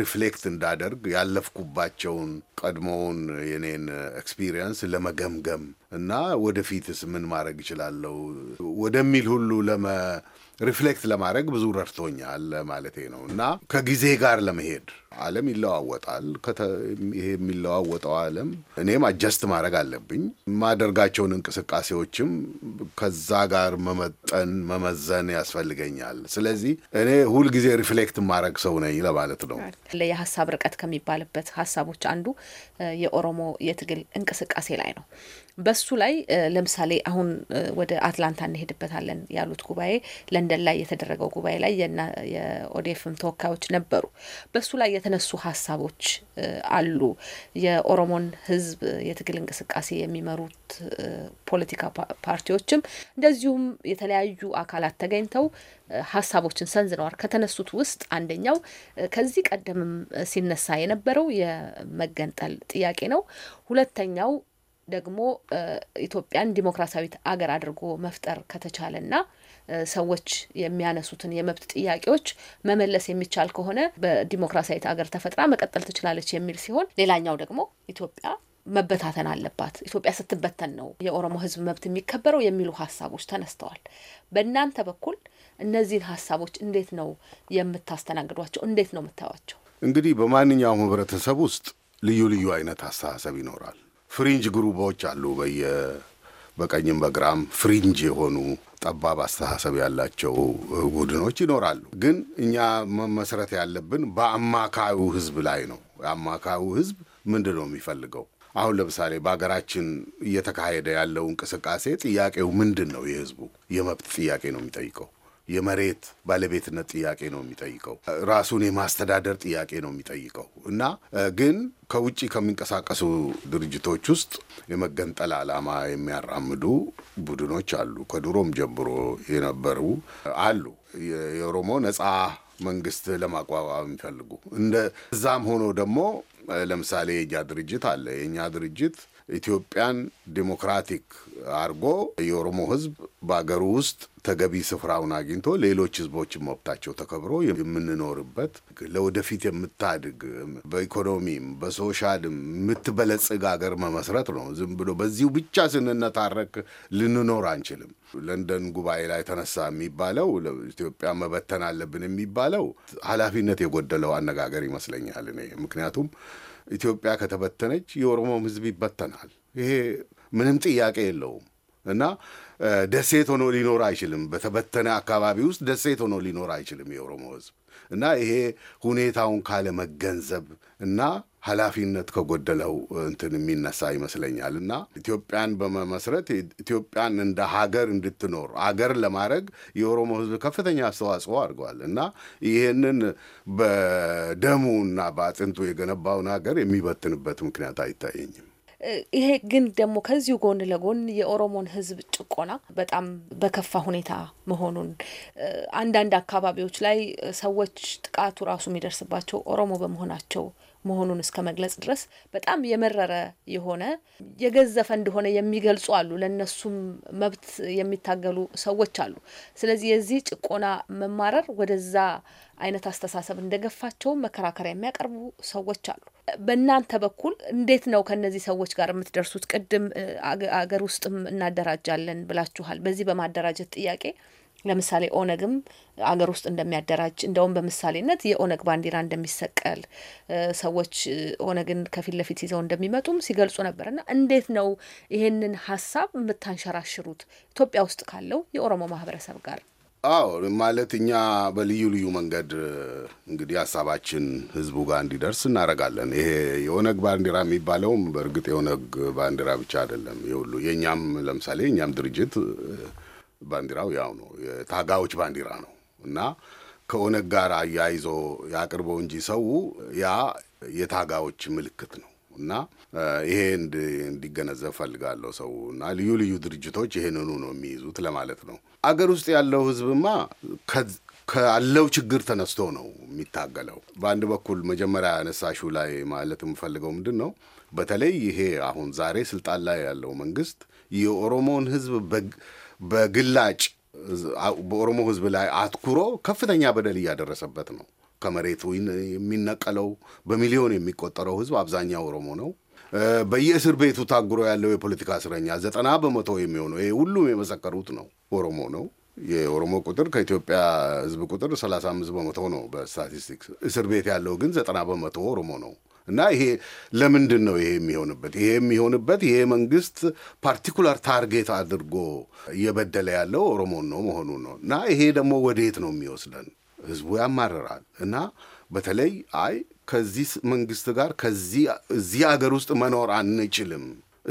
ሪፍሌክት እንዳደርግ ያለፍኩባቸውን ቀድሞውን የኔን ኤክስፒሪየንስ ለመገምገም እና ወደፊትስ ምን ማድረግ እችላለሁ ወደሚል ሁሉ ለመ ሪፍሌክት ለማድረግ ብዙ ረድቶኛል ማለቴ ነው እና ከጊዜ ጋር ለመሄድ ዓለም ይለዋወጣል። ይሄ የሚለዋወጠው ዓለም እኔም አጀስት ማድረግ አለብኝ። የማደርጋቸውን እንቅስቃሴዎችም ከዛ ጋር መመጠን መመዘን ያስፈልገኛል። ስለዚህ እኔ ሁልጊዜ ሪፍሌክት ማድረግ ሰው ነኝ ለማለት ነው። የሀሳብ ርቀት ከሚባልበት ሀሳቦች አንዱ የኦሮሞ የትግል እንቅስቃሴ ላይ ነው። በሱ ላይ ለምሳሌ አሁን ወደ አትላንታ እንሄድበታለን ያሉት ጉባኤ ለንደን ላይ የተደረገው ጉባኤ ላይ የኦዴፍም ተወካዮች ነበሩ። በሱ ላይ የተነሱ ሀሳቦች አሉ። የኦሮሞን ህዝብ የትግል እንቅስቃሴ የሚመሩት ፖለቲካ ፓርቲዎችም እንደዚሁም የተለያዩ አካላት ተገኝተው ሀሳቦችን ሰንዝነዋል ከተነሱት ውስጥ አንደኛው ከዚህ ቀደምም ሲነሳ የነበረው የመገንጠል ጥያቄ ነው። ሁለተኛው ደግሞ ኢትዮጵያን ዲሞክራሲያዊት አገር አድርጎ መፍጠር ከተቻለና ሰዎች የሚያነሱትን የመብት ጥያቄዎች መመለስ የሚቻል ከሆነ በዲሞክራሲያዊት ሀገር ተፈጥራ መቀጠል ትችላለች የሚል ሲሆን፣ ሌላኛው ደግሞ ኢትዮጵያ መበታተን አለባት፣ ኢትዮጵያ ስትበተን ነው የኦሮሞ ህዝብ መብት የሚከበረው የሚሉ ሀሳቦች ተነስተዋል። በእናንተ በኩል እነዚህን ሀሳቦች እንዴት ነው የምታስተናግዷቸው? እንዴት ነው የምታዩቸው እንግዲህ በማንኛውም ህብረተሰብ ውስጥ ልዩ ልዩ አይነት አስተሳሰብ ይኖራል። ፍሪንጅ ግሩቦች አሉ በየ በቀኝም በግራም ፍሪንጅ የሆኑ ጠባብ አስተሳሰብ ያላቸው ቡድኖች ይኖራሉ። ግን እኛ መመስረት ያለብን በአማካዩ ህዝብ ላይ ነው። የአማካዩ ህዝብ ምንድን ነው የሚፈልገው? አሁን ለምሳሌ በሀገራችን እየተካሄደ ያለው እንቅስቃሴ ጥያቄው ምንድን ነው? የህዝቡ የመብት ጥያቄ ነው የሚጠይቀው የመሬት ባለቤትነት ጥያቄ ነው የሚጠይቀው። ራሱን የማስተዳደር ጥያቄ ነው የሚጠይቀው እና ግን ከውጭ ከሚንቀሳቀሱ ድርጅቶች ውስጥ የመገንጠል ዓላማ የሚያራምዱ ቡድኖች አሉ። ከድሮም ጀምሮ የነበሩ አሉ። የኦሮሞ ነጻ መንግስት ለማቋቋም የሚፈልጉ እንደ እዛም ሆኖ ደግሞ ለምሳሌ የእኛ ድርጅት አለ። የእኛ ድርጅት ኢትዮጵያን ዲሞክራቲክ አድርጎ የኦሮሞ ህዝብ በአገሩ ውስጥ ተገቢ ስፍራውን አግኝቶ ሌሎች ህዝቦችን መብታቸው ተከብሮ የምንኖርበት ለወደፊት የምታድግ በኢኮኖሚም በሶሻልም የምትበለጽግ አገር መመስረት ነው። ዝም ብሎ በዚሁ ብቻ ስንነታረክ ልንኖር አንችልም። ለንደን ጉባኤ ላይ ተነሳ የሚባለው ኢትዮጵያ መበተን አለብን የሚባለው ኃላፊነት የጎደለው አነጋገር ይመስለኛል እኔ ምክንያቱም ኢትዮጵያ ከተበተነች የኦሮሞም ህዝብ ይበተናል። ይሄ ምንም ጥያቄ የለውም እና ደሴት ሆኖ ሊኖር አይችልም። በተበተነ አካባቢ ውስጥ ደሴት ሆኖ ሊኖር አይችልም የኦሮሞ ህዝብ እና ይሄ ሁኔታውን ካለመገንዘብ እና ኃላፊነት ከጎደለው እንትን የሚነሳ ይመስለኛል እና ኢትዮጵያን በመመስረት ኢትዮጵያን እንደ ሀገር እንድትኖር አገር ለማድረግ የኦሮሞ ሕዝብ ከፍተኛ አስተዋጽኦ አድርገዋል እና ይህንን በደሙና በአጥንቱ የገነባውን ሀገር የሚበትንበት ምክንያት አይታየኝም። ይሄ ግን ደግሞ ከዚሁ ጎን ለጎን የኦሮሞን ህዝብ ጭቆና በጣም በከፋ ሁኔታ መሆኑን አንዳንድ አካባቢዎች ላይ ሰዎች ጥቃቱ ራሱ የሚደርስባቸው ኦሮሞ በመሆናቸው መሆኑን እስከ መግለጽ ድረስ በጣም የመረረ የሆነ የገዘፈ እንደሆነ የሚገልጹ አሉ። ለእነሱም መብት የሚታገሉ ሰዎች አሉ። ስለዚህ የዚህ ጭቆና መማረር ወደዛ አይነት አስተሳሰብ እንደገፋቸው መከራከሪያ የሚያቀርቡ ሰዎች አሉ። በእናንተ በኩል እንዴት ነው ከነዚህ ሰዎች ጋር የምትደርሱት? ቅድም አገር ውስጥም እናደራጃለን ብላችኋል። በዚህ በማደራጀት ጥያቄ ለምሳሌ ኦነግም አገር ውስጥ እንደሚያደራጅ እንደውም በምሳሌነት የኦነግ ባንዲራ እንደሚሰቀል ሰዎች ኦነግን ከፊት ለፊት ይዘው እንደሚመጡም ሲገልጹ ነበር። እና እንዴት ነው ይሄንን ሀሳብ የምታንሸራሽሩት ኢትዮጵያ ውስጥ ካለው የኦሮሞ ማህበረሰብ ጋር? አዎ ማለት እኛ በልዩ ልዩ መንገድ እንግዲህ ሀሳባችን ህዝቡ ጋር እንዲደርስ እናደርጋለን። ይሄ የኦነግ ባንዲራ የሚባለውም በእርግጥ የኦነግ ባንዲራ ብቻ አይደለም። የሁሉ የእኛም ለምሳሌ የእኛም ድርጅት ባንዲራው ያው ነው፣ የታጋዮች ባንዲራ ነው እና ከኦነግ ጋር አያይዞ ያቅርበው እንጂ ሰው ያ የታጋዮች ምልክት ነው እና ይሄ እንዲገነዘብ ፈልጋለሁ ሰው እና ልዩ ልዩ ድርጅቶች ይህንኑ ነው የሚይዙት ለማለት ነው። አገር ውስጥ ያለው ህዝብማ ካለው ችግር ተነስቶ ነው የሚታገለው። በአንድ በኩል መጀመሪያ ያነሳሹ ላይ ማለት የምፈልገው ምንድን ነው፣ በተለይ ይሄ አሁን ዛሬ ስልጣን ላይ ያለው መንግስት የኦሮሞን ህዝብ በግላጭ በኦሮሞ ህዝብ ላይ አትኩሮ ከፍተኛ በደል እያደረሰበት ነው። ከመሬቱ የሚነቀለው በሚሊዮን የሚቆጠረው ህዝብ አብዛኛው ኦሮሞ ነው። በየእስር ቤቱ ታጉሮ ያለው የፖለቲካ እስረኛ ዘጠና በመቶ የሚሆነው ይሄ ሁሉም የመሰከሩት ነው ኦሮሞ ነው። የኦሮሞ ቁጥር ከኢትዮጵያ ህዝብ ቁጥር 35 በመቶ ነው በስታቲስቲክስ። እስር ቤት ያለው ግን ዘጠና በመቶ ኦሮሞ ነው። እና ይሄ ለምንድን ነው ይሄ የሚሆንበት? ይሄ የሚሆንበት ይሄ መንግስት ፓርቲኩላር ታርጌት አድርጎ እየበደለ ያለው ኦሮሞን ነው መሆኑ ነው። እና ይሄ ደግሞ ወዴት ነው የሚወስደን? ህዝቡ ያማርራል እና በተለይ አይ ከዚህ መንግስት ጋር ከዚህ እዚህ አገር ውስጥ መኖር አንችልም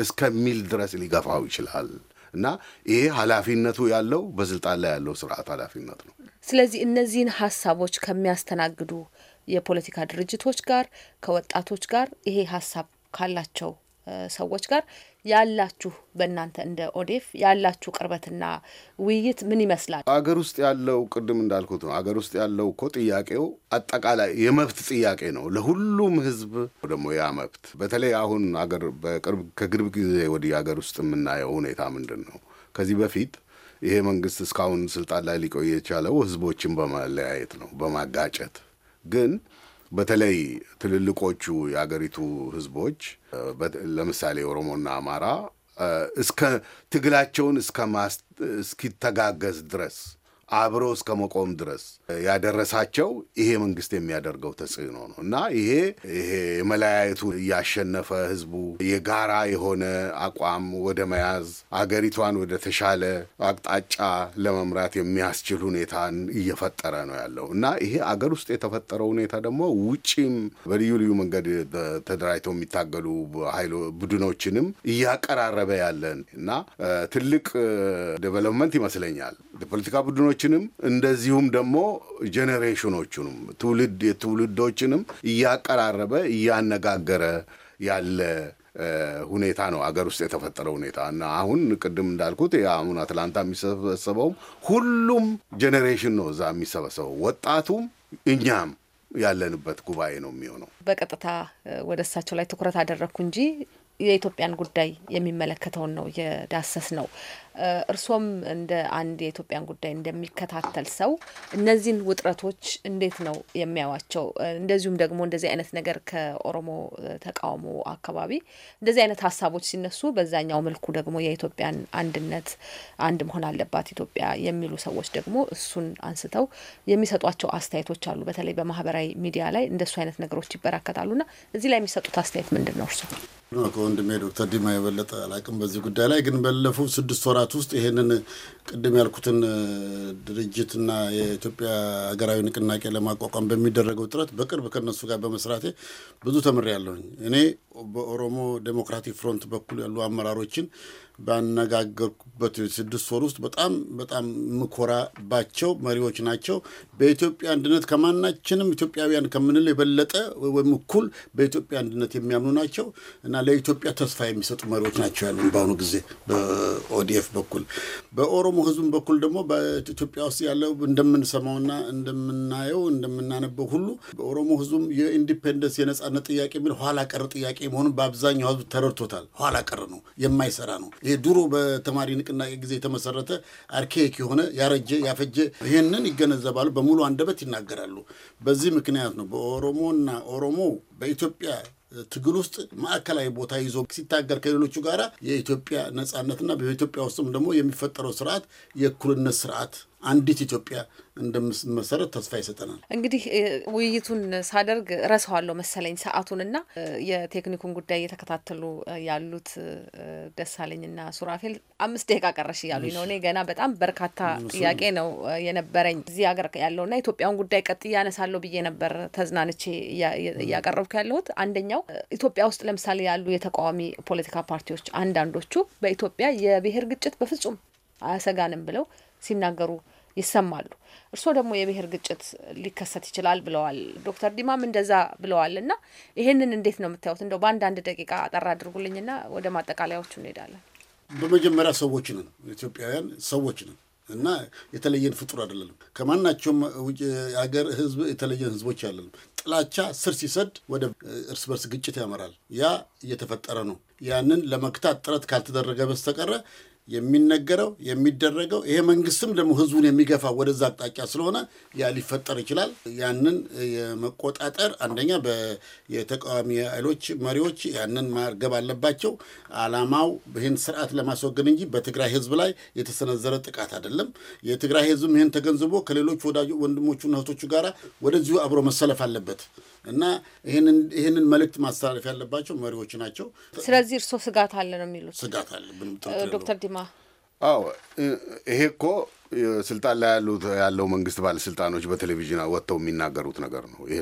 እስከሚል ድረስ ሊገፋው ይችላል። እና ይሄ ኃላፊነቱ ያለው በስልጣን ላይ ያለው ስርዓት ኃላፊነት ነው። ስለዚህ እነዚህን ሀሳቦች ከሚያስተናግዱ የፖለቲካ ድርጅቶች ጋር ከወጣቶች ጋር ይሄ ሀሳብ ካላቸው ሰዎች ጋር ያላችሁ በእናንተ እንደ ኦዴፍ ያላችሁ ቅርበትና ውይይት ምን ይመስላል? አገር ውስጥ ያለው ቅድም እንዳልኩት ነው። አገር ውስጥ ያለው እኮ ጥያቄው አጠቃላይ የመብት ጥያቄ ነው ለሁሉም ህዝብ ደግሞ ያ መብት በተለይ አሁን አገር በቅርብ ከቅርብ ጊዜ ወዲህ አገር ውስጥ የምናየው ሁኔታ ምንድን ነው? ከዚህ በፊት ይሄ መንግስት እስካሁን ስልጣን ላይ ሊቆይ የቻለው ህዝቦችን በመለያየት ነው፣ በማጋጨት ግን በተለይ ትልልቆቹ የአገሪቱ ህዝቦች ለምሳሌ ኦሮሞና አማራ እስከ ትግላቸውን እስከ እስኪተጋገዝ ድረስ አብሮ እስከ መቆም ድረስ ያደረሳቸው ይሄ መንግስት የሚያደርገው ተጽዕኖ ነው እና ይሄ ይሄ የመለያየቱ እያሸነፈ ህዝቡ የጋራ የሆነ አቋም ወደ መያዝ አገሪቷን ወደ ተሻለ አቅጣጫ ለመምራት የሚያስችል ሁኔታን እየፈጠረ ነው ያለው እና ይሄ አገር ውስጥ የተፈጠረው ሁኔታ ደግሞ ውጪም በልዩ ልዩ መንገድ ተደራጅተው የሚታገሉ ሀይሎ ቡድኖችንም እያቀራረበ ያለን እና ትልቅ ዴቨሎፕመንት ይመስለኛል የፖለቲካ ቡድኖችንም እንደዚሁም ደግሞ ጄኔሬሽኖቹንም ትውልድ የትውልዶችንም እያቀራረበ እያነጋገረ ያለ ሁኔታ ነው አገር ውስጥ የተፈጠረ ሁኔታ እና አሁን ቅድም እንዳልኩት አሁን አትላንታ የሚሰበሰበውም ሁሉም ጄኔሬሽን ነው እዛ የሚሰበሰበው ወጣቱም እኛም ያለንበት ጉባኤ ነው የሚሆነው። በቀጥታ ወደ እሳቸው ላይ ትኩረት አደረግኩ እንጂ የኢትዮጵያን ጉዳይ የሚመለከተውን ነው የዳሰስ ነው። እርሶም እንደ አንድ የኢትዮጵያን ጉዳይ እንደሚከታተል ሰው እነዚህን ውጥረቶች እንዴት ነው የሚያዋቸው? እንደዚሁም ደግሞ እንደዚህ አይነት ነገር ከኦሮሞ ተቃውሞ አካባቢ እንደዚህ አይነት ሀሳቦች ሲነሱ፣ በዛኛው መልኩ ደግሞ የኢትዮጵያን አንድነት አንድ መሆን አለባት ኢትዮጵያ የሚሉ ሰዎች ደግሞ እሱን አንስተው የሚሰጧቸው አስተያየቶች አሉ። በተለይ በማህበራዊ ሚዲያ ላይ እንደሱ አይነት ነገሮች ይበራከታሉና እዚህ ላይ የሚሰጡት አስተያየት ምንድን ነው እርሶ? ወንድሜ ዶክተር ዲማ የበለጠ አላቅም በዚህ ጉዳይ ላይ ግን ባለፉት ስድስት ወራት ውስጥ ይሄንን ቅድም ያልኩትን ድርጅትና የኢትዮጵያ ሀገራዊ ንቅናቄ ለማቋቋም በሚደረገው ጥረት በቅርብ ከነሱ ጋር በመስራቴ ብዙ ያለሁኝ እኔ በኦሮሞ ዴሞክራቲክ ፍሮንት በኩል ያሉ አመራሮችን ባነጋገርኩበት ስድስት ወር ውስጥ በጣም በጣም ምኮራባቸው መሪዎች ናቸው። በኢትዮጵያ አንድነት ከማናችንም ኢትዮጵያውያን ከምንለው የበለጠ ወይም እኩል በኢትዮጵያ አንድነት የሚያምኑ ናቸው እና ለኢትዮጵያ ተስፋ የሚሰጡ መሪዎች ናቸው ያሉ በአሁኑ ጊዜ በኦዲኤፍ በኩል። በኦሮሞ ሕዝብ በኩል ደግሞ በኢትዮጵያ ውስጥ ያለው እንደምንሰማውና እንደምናየው እንደምናነበው ሁሉ በኦሮሞ ህዝብም የኢንዲፔንደንስ የነጻነት ጥያቄ የሚል ኋላ ቀር ጥያቄ መሆኑን በአብዛኛው ህዝብ ተረድቶታል። ኋላ ቀር ነው፣ የማይሰራ ነው። ይሄ ድሮ በተማሪ ንቅናቄ ጊዜ የተመሰረተ አርኬክ የሆነ ያረጀ ያፈጀ ይህንን ይገነዘባሉ፣ በሙሉ አንደበት ይናገራሉ። በዚህ ምክንያት ነው በኦሮሞና ኦሮሞ በኢትዮጵያ ትግል ውስጥ ማዕከላዊ ቦታ ይዞ ሲታገል ከሌሎቹ ጋር የኢትዮጵያ ነጻነትና በኢትዮጵያ ውስጥም ደግሞ የሚፈጠረው ስርዓት የእኩልነት ስርዓት አንዲት ኢትዮጵያ እንደምትመሰረት ተስፋ ይሰጠናል። እንግዲህ ውይይቱን ሳደርግ ረሳዋለሁ መሰለኝ ሰዓቱንና የቴክኒኩን ጉዳይ እየተከታተሉ ያሉት ደሳለኝና ሱራፌል አምስት ደቂቃ ቀረሽ እያሉኝ ነው። እኔ ገና በጣም በርካታ ጥያቄ ነው የነበረኝ እዚህ ሀገር ያለውና ኢትዮጵያን ጉዳይ ቀጥ እያነሳለሁ ብዬ ነበር ተዝናንቼ እያቀረብኩ ያለሁት። አንደኛው ኢትዮጵያ ውስጥ ለምሳሌ ያሉ የተቃዋሚ ፖለቲካ ፓርቲዎች አንዳንዶቹ በኢትዮጵያ የብሔር ግጭት በፍጹም አያሰጋንም ብለው ሲናገሩ ይሰማሉ። እርስዎ ደግሞ የብሔር ግጭት ሊከሰት ይችላል ብለዋል። ዶክተር ዲማም እንደዛ ብለዋል እና ይህንን እንዴት ነው የምታዩት? እንደው በአንዳንድ ደቂቃ ደቂቃ አጠር አድርጉልኝና ወደ ማጠቃለያዎቹ እንሄዳለን። በመጀመሪያ ሰዎች ነን፣ ኢትዮጵያውያን ሰዎች ነን እና የተለየን ፍጡር አይደለንም። ከማናቸውም ሀገር ህዝብ የተለየን ህዝቦች አይደለንም። ጥላቻ ስር ሲሰድ ወደ እርስ በርስ ግጭት ያመራል። ያ እየተፈጠረ ነው። ያንን ለመግታት ጥረት ካልተደረገ በስተቀረ የሚነገረው የሚደረገው ይሄ መንግስትም ደግሞ ህዝቡን የሚገፋ ወደዛ አቅጣጫ ስለሆነ ያ ሊፈጠር ይችላል። ያንን የመቆጣጠር አንደኛ የተቃዋሚ ኃይሎች መሪዎች ያንን ማርገብ አለባቸው። አላማው ይህን ስርዓት ለማስወገድ እንጂ በትግራይ ህዝብ ላይ የተሰነዘረ ጥቃት አይደለም። የትግራይ ህዝብም ይህን ተገንዝቦ ከሌሎች ወዳጅ ወንድሞቹና እህቶቹ ጋር ወደዚሁ አብሮ መሰለፍ አለበት እና ይህንን መልእክት ማስተላለፍ ያለባቸው መሪዎች ናቸው። ስለዚህ እርስዎ ስጋት አለ ነው የሚሉት? ስጋት አለ ዶክተር ዲማ ከተማ አዎ ይሄ እኮ ስልጣን ላይ ያሉት ያለው መንግስት ባለስልጣኖች በቴሌቪዥን ወጥተው የሚናገሩት ነገር ነው። ይሄ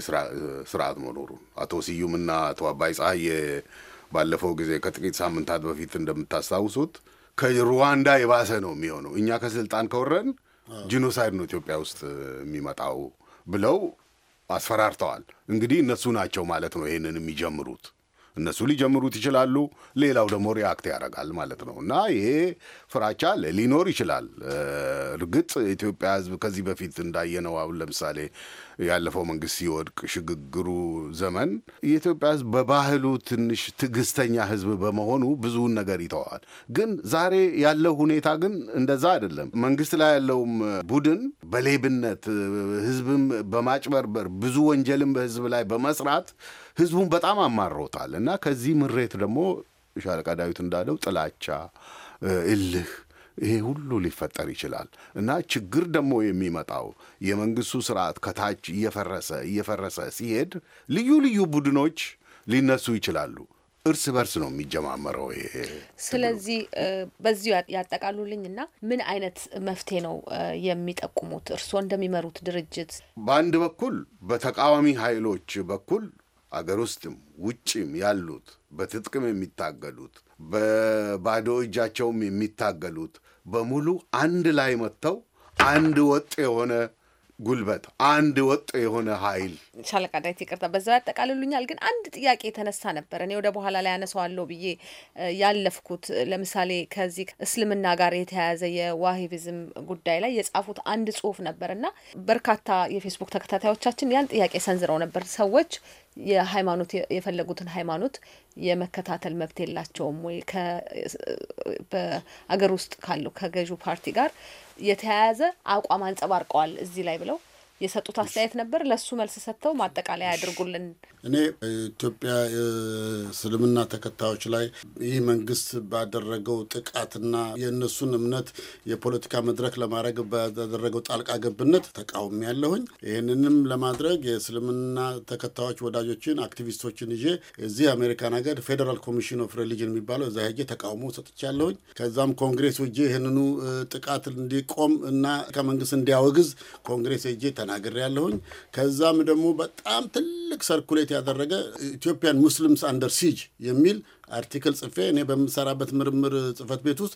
ስርዓት መኖሩን አቶ ስዩምና አቶ አባይ ፀሐይ ባለፈው ጊዜ ከጥቂት ሳምንታት በፊት እንደምታስታውሱት ከሩዋንዳ የባሰ ነው የሚሆነው፣ እኛ ከስልጣን ከወረን ጂኖሳይድ ነው ኢትዮጵያ ውስጥ የሚመጣው ብለው አስፈራርተዋል። እንግዲህ እነሱ ናቸው ማለት ነው ይህንን የሚጀምሩት። እነሱ ሊጀምሩት ይችላሉ፣ ሌላው ደግሞ ሪያክት ያደርጋል ማለት ነው እና ይሄ ፍራቻ ሊኖር ይችላል። እርግጥ ኢትዮጵያ ሕዝብ ከዚህ በፊት እንዳየነው አሁን ለምሳሌ ያለፈው መንግስት ሲወድቅ ሽግግሩ ዘመን የኢትዮጵያ ህዝብ በባህሉ ትንሽ ትዕግስተኛ ህዝብ በመሆኑ ብዙውን ነገር ይተዋል። ግን ዛሬ ያለው ሁኔታ ግን እንደዛ አይደለም። መንግስት ላይ ያለውም ቡድን በሌብነት ህዝብም በማጭበርበር ብዙ ወንጀልም በህዝብ ላይ በመስራት ህዝቡን በጣም አማሮታል እና ከዚህ ምሬት ደግሞ ሻለቃ ዳዊት እንዳለው ጥላቻ፣ እልህ ይሄ ሁሉ ሊፈጠር ይችላል እና ችግር ደግሞ የሚመጣው የመንግስቱ ስርዓት ከታች እየፈረሰ እየፈረሰ ሲሄድ ልዩ ልዩ ቡድኖች ሊነሱ ይችላሉ። እርስ በርስ ነው የሚጀማመረው ይሄ። ስለዚህ በዚሁ ያጠቃሉልኝ እና ምን አይነት መፍትሄ ነው የሚጠቁሙት እርስዎ እንደሚመሩት ድርጅት? በአንድ በኩል በተቃዋሚ ኃይሎች በኩል አገር ውስጥም ውጭም ያሉት በትጥቅም የሚታገሉት በባዶ እጃቸውም የሚታገሉት በሙሉ አንድ ላይ መጥተው አንድ ወጥ የሆነ ጉልበት፣ አንድ ወጥ የሆነ ኃይል። ሻለቃ ዳዊት ይቅርታ፣ በዛ ያጠቃልሉኛል። ግን አንድ ጥያቄ የተነሳ ነበር፣ እኔ ወደ በኋላ ላይ ያነሰዋለሁ ብዬ ያለፍኩት። ለምሳሌ ከዚህ እስልምና ጋር የተያያዘ የዋሂቢዝም ጉዳይ ላይ የጻፉት አንድ ጽሁፍ ነበር እና በርካታ የፌስቡክ ተከታታዮቻችን ያን ጥያቄ ሰንዝረው ነበር። ሰዎች የሃይማኖት የፈለጉትን ሃይማኖት የመከታተል መብት የላቸውም ወይ በአገር ውስጥ ካለው ከገዢው ፓርቲ ጋር የተያያዘ አቋም አንጸባርቀዋል እዚህ ላይ ብለው የሰጡት አስተያየት ነበር። ለሱ መልስ ሰጥተው ማጠቃለያ ያድርጉልን። እኔ ኢትዮጵያ እስልምና ተከታዮች ላይ ይህ መንግስት ባደረገው ጥቃትና የእነሱን እምነት የፖለቲካ መድረክ ለማድረግ ባደረገው ጣልቃ ገብነት ተቃውሚ ያለሁኝ። ይህንንም ለማድረግ የእስልምና ተከታዮች ወዳጆችን፣ አክቲቪስቶችን ይዤ እዚህ አሜሪካን ሀገር ፌዴራል ኮሚሽን ኦፍ ሪሊጅን የሚባለው እዛ ሄጄ ተቃውሞ ሰጥቻለሁኝ። ከዛም ኮንግሬስ ውጄ ይህንኑ ጥቃት እንዲቆም እና ከመንግስት እንዲያወግዝ ኮንግሬስ ሄጄ ተናግሬ ያለሁኝ። ከዛም ደግሞ በጣም ትልቅ ሰርኩሌት ያደረገ ኢትዮጵያን ሙስሊምስ አንደር ሲጅ የሚል አርቲክል ጽፌ እኔ በምሰራበት ምርምር ጽህፈት ቤት ውስጥ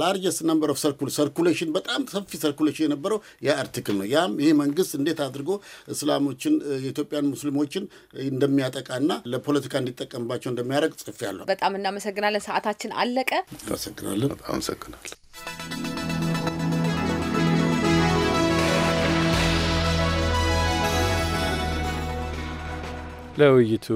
ላርጀስት ነምበር ኦፍ ሰርኩሌሽን በጣም ሰፊ ሰርኩሌሽን የነበረው ያ አርቲክል ነው። ያም ይህ መንግስት እንዴት አድርጎ እስላሞችን የኢትዮጵያን ሙስሊሞችን እንደሚያጠቃና ለፖለቲካ እንዲጠቀምባቸው እንደሚያደርግ ጽፌ ያለሁ። በጣም እናመሰግናለን። ሰዓታችን አለቀ። እናመሰግናለን። በጣም አመሰግናለን። ለውይይቱ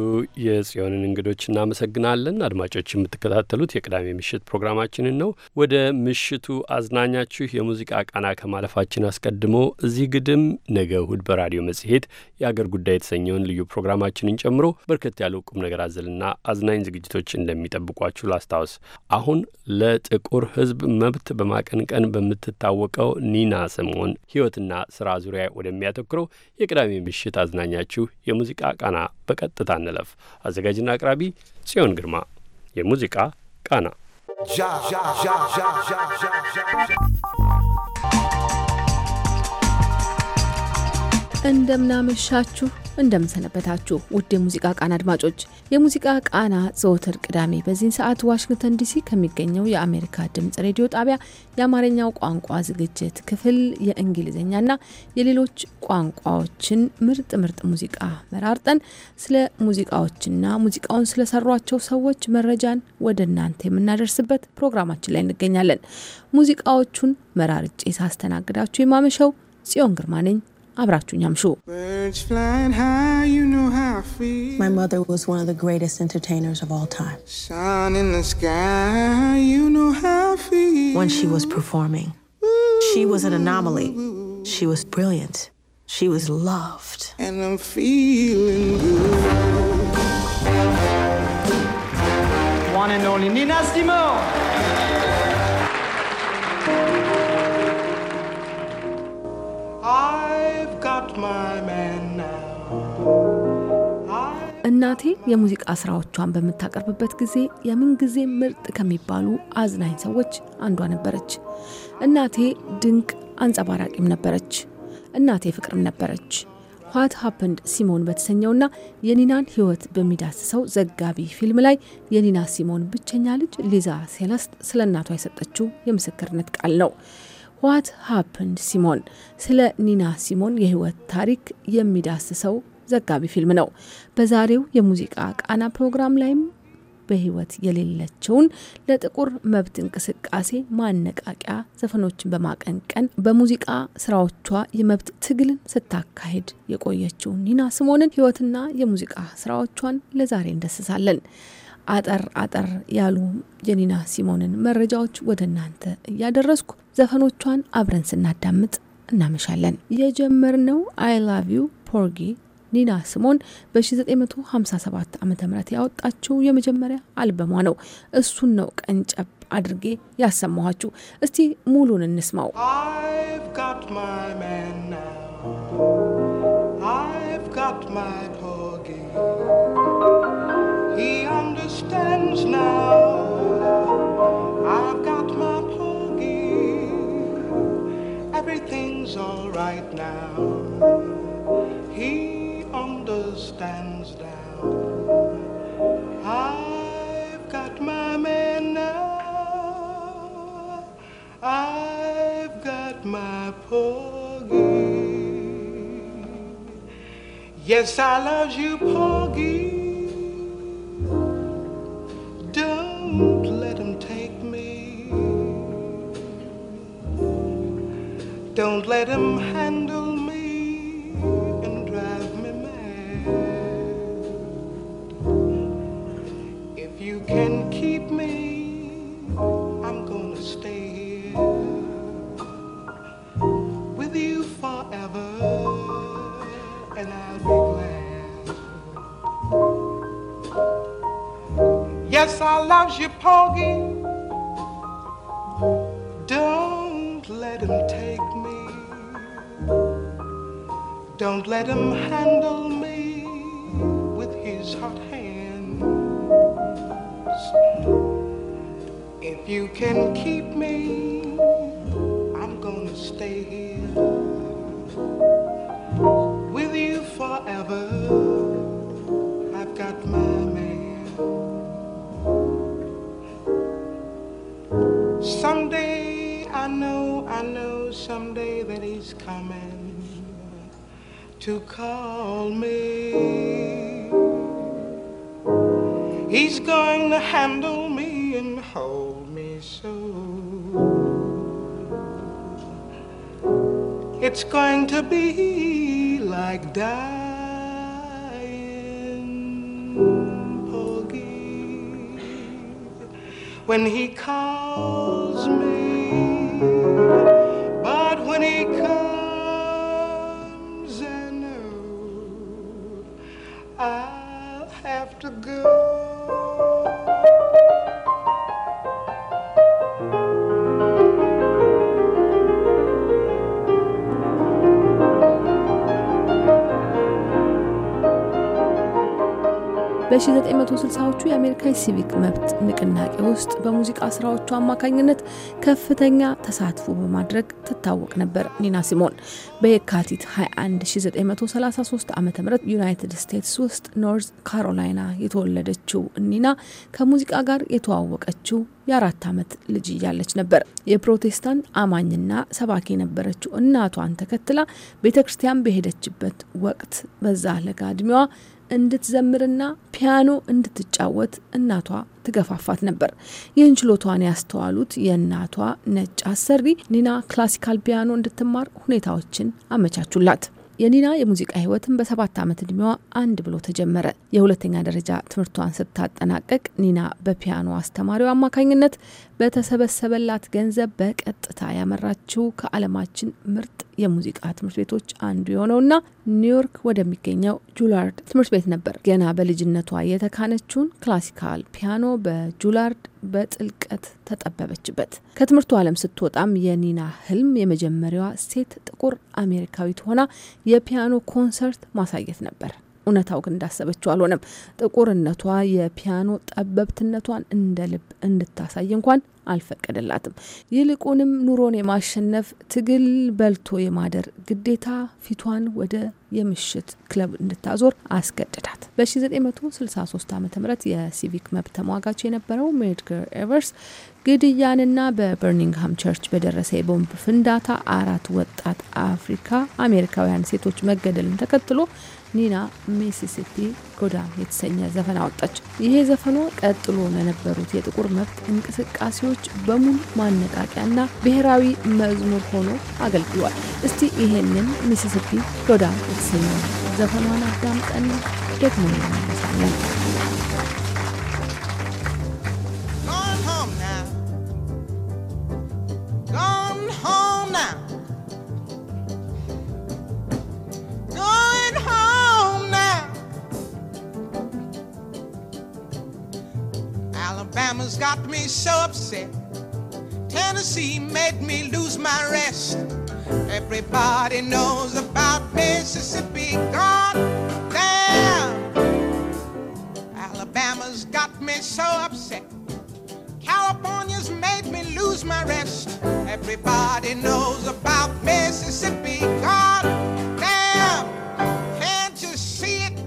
የጽዮንን እንግዶች እናመሰግናለን። አድማጮች የምትከታተሉት የቅዳሜ ምሽት ፕሮግራማችንን ነው። ወደ ምሽቱ አዝናኛችሁ የሙዚቃ ቃና ከማለፋችን አስቀድሞ እዚህ ግድም ነገ እሁድ በራዲዮ መጽሔት የአገር ጉዳይ የተሰኘውን ልዩ ፕሮግራማችንን ጨምሮ በርከት ያሉ ቁም ነገር አዘልና አዝናኝ ዝግጅቶች እንደሚጠብቋችሁ ላስታውስ። አሁን ለጥቁር ሕዝብ መብት በማቀንቀን በምትታወቀው ኒና ስሞን ሕይወትና ስራ ዙሪያ ወደሚያተኩረው የቅዳሜ ምሽት አዝናኛችሁ የሙዚቃ ቃና በቀጥታ እንለፍ። አዘጋጅና አቅራቢ ጽዮን ግርማ። የሙዚቃ ቃና እንደምናመሻችሁ እንደምንሰነበታችሁ ውድ የሙዚቃ ቃና አድማጮች፣ የሙዚቃ ቃና ዘወትር ቅዳሜ በዚህን ሰዓት ዋሽንግተን ዲሲ ከሚገኘው የአሜሪካ ድምጽ ሬዲዮ ጣቢያ የአማርኛው ቋንቋ ዝግጅት ክፍል የእንግሊዝኛና የሌሎች ቋንቋዎችን ምርጥ ምርጥ ሙዚቃ መራርጠን ስለ ሙዚቃዎችና ሙዚቃውን ስለሰሯቸው ሰዎች መረጃን ወደ እናንተ የምናደርስበት ፕሮግራማችን ላይ እንገኛለን። ሙዚቃዎቹን መራርጬ ሳስተናግዳችሁ የማመሸው ጽዮን ግርማ ነኝ። አብራችሁኝ አምሹ። My mother was one of the greatest entertainers of all time. Sky, you know when she was performing, she was an anomaly. She was brilliant. She was loved. And I'm feeling good. One and only Nina Simone. I እናቴ የሙዚቃ ስራዎቿን በምታቀርብበት ጊዜ የምንጊዜ ምርጥ ከሚባሉ አዝናኝ ሰዎች አንዷ ነበረች። እናቴ ድንቅ አንጸባራቂም ነበረች። እናቴ ፍቅርም ነበረች። ዋት ሀፕንድ ሲሞን በተሰኘውና የኒናን ሕይወት በሚዳስሰው ዘጋቢ ፊልም ላይ የኒና ሲሞን ብቸኛ ልጅ ሊዛ ሴለስት ስለ እናቷ የሰጠችው የምስክርነት ቃል ነው። ዋት ሀፕንድ ሲሞን ስለ ኒና ሲሞን የህይወት ታሪክ የሚዳስሰው ዘጋቢ ፊልም ነው። በዛሬው የሙዚቃ ቃና ፕሮግራም ላይም በህይወት የሌለችውን ለጥቁር መብት እንቅስቃሴ ማነቃቂያ ዘፈኖችን በማቀንቀን በሙዚቃ ስራዎቿ የመብት ትግልን ስታካሄድ የቆየችው ኒና ሲሞንን ህይወትና የሙዚቃ ስራዎቿን ለዛሬ እንደስሳለን። አጠር አጠር ያሉ የኒና ሲሞንን መረጃዎች ወደ እናንተ እያደረስኩ ዘፈኖቿን አብረን ስናዳምጥ እናመሻለን። የጀመርነው አይ ላቭ ዩ ፖርጊ ኒና ሲሞን በ1957 ዓ ም ያወጣችው የመጀመሪያ አልበሟ ነው። እሱን ነው ቀንጨብ አድርጌ ያሰማኋችሁ። እስቲ ሙሉን እንስማው። I've stands now. I've got my puggy. Everything's all right now. He understands now. I've got my man now. I've got my puggy. Yes, I love you, Poggy. Don't let him Let him handle me with his hot hands. If you can keep to call me. He's going to handle me and hold me so. It's going to be like dying Porgy when he calls me. በ1960ዎቹ የአሜሪካ ሲቪክ መብት ንቅናቄ ውስጥ በሙዚቃ ስራዎቹ አማካኝነት ከፍተኛ ተሳትፎ በማድረግ ትታወቅ ነበር። ኒና ሲሞን በየካቲት 21 1933 ዓ ም ዩናይትድ ስቴትስ ውስጥ ኖርዝ ካሮላይና የተወለደችው ኒና ከሙዚቃ ጋር የተዋወቀችው የአራት ዓመት ልጅ እያለች ነበር። የፕሮቴስታንት አማኝና ሰባኪ የነበረችው እናቷን ተከትላ ቤተ ክርስቲያን በሄደችበት ወቅት በዛ ለጋ እድሜዋ እንድትዘምርና ፒያኖ እንድትጫወት እናቷ ትገፋፋት ነበር። ይህን ችሎቷን ያስተዋሉት የእናቷ ነጭ አሰሪ ኒና ክላሲካል ፒያኖ እንድትማር ሁኔታዎችን አመቻቹላት። የኒና የሙዚቃ ህይወትን በሰባት ዓመት እድሜዋ አንድ ብሎ ተጀመረ። የሁለተኛ ደረጃ ትምህርቷን ስታጠናቀቅ ኒና በፒያኖ አስተማሪው አማካኝነት በተሰበሰበላት ገንዘብ በቀጥታ ያመራችው ከዓለማችን ምርጥ የሙዚቃ ትምህርት ቤቶች አንዱ የሆነውና ኒውዮርክ ወደሚገኘው ጁላርድ ትምህርት ቤት ነበር። ገና በልጅነቷ የተካነችውን ክላሲካል ፒያኖ በጁላርድ በጥልቀት ተጠበበችበት። ከትምህርቱ ዓለም ስትወጣም የኒና ህልም የመጀመሪያዋ ሴት ጥቁር አሜሪካዊት ሆና የፒያኖ ኮንሰርት ማሳየት ነበር። እውነታው ግን እንዳሰበችው አልሆነም። ጥቁርነቷ የፒያኖ ጠበብትነቷን እንደ ልብ እንድታሳይ እንኳን አልፈቀደላትም። ይልቁንም ኑሮን የማሸነፍ ትግል በልቶ የማደር ግዴታ ፊቷን ወደ የምሽት ክለብ እንድታዞር አስገድዳት። በ1963 ዓ ም የሲቪክ መብት ተሟጋች የነበረው ሜድገር ኤቨርስ ግድያንና በበርኒንግሃም ቸርች በደረሰ የቦምብ ፍንዳታ አራት ወጣት አፍሪካ አሜሪካውያን ሴቶች መገደልን ተከትሎ ኒና ሚሲሲፒ ጎዳም የተሰኘ ዘፈን አወጣች። ይሄ ዘፈኗ ቀጥሎ ለነበሩት የጥቁር መብት እንቅስቃሴዎች በሙሉ ማነቃቂያና ብሔራዊ መዝሙር ሆኖ አገልግሏል። እስቲ ይሄንን ሚሲሲፒ ጎዳም ስነ ዘፈኗን አዳምጠን ደግሞ እንመለሳለን። Alabama's got me so upset. Tennessee made me lose my rest. Everybody knows about Mississippi gone down. Alabama's got me so upset. California's made me lose my rest. Everybody knows about Mississippi gone down. Can't you see it?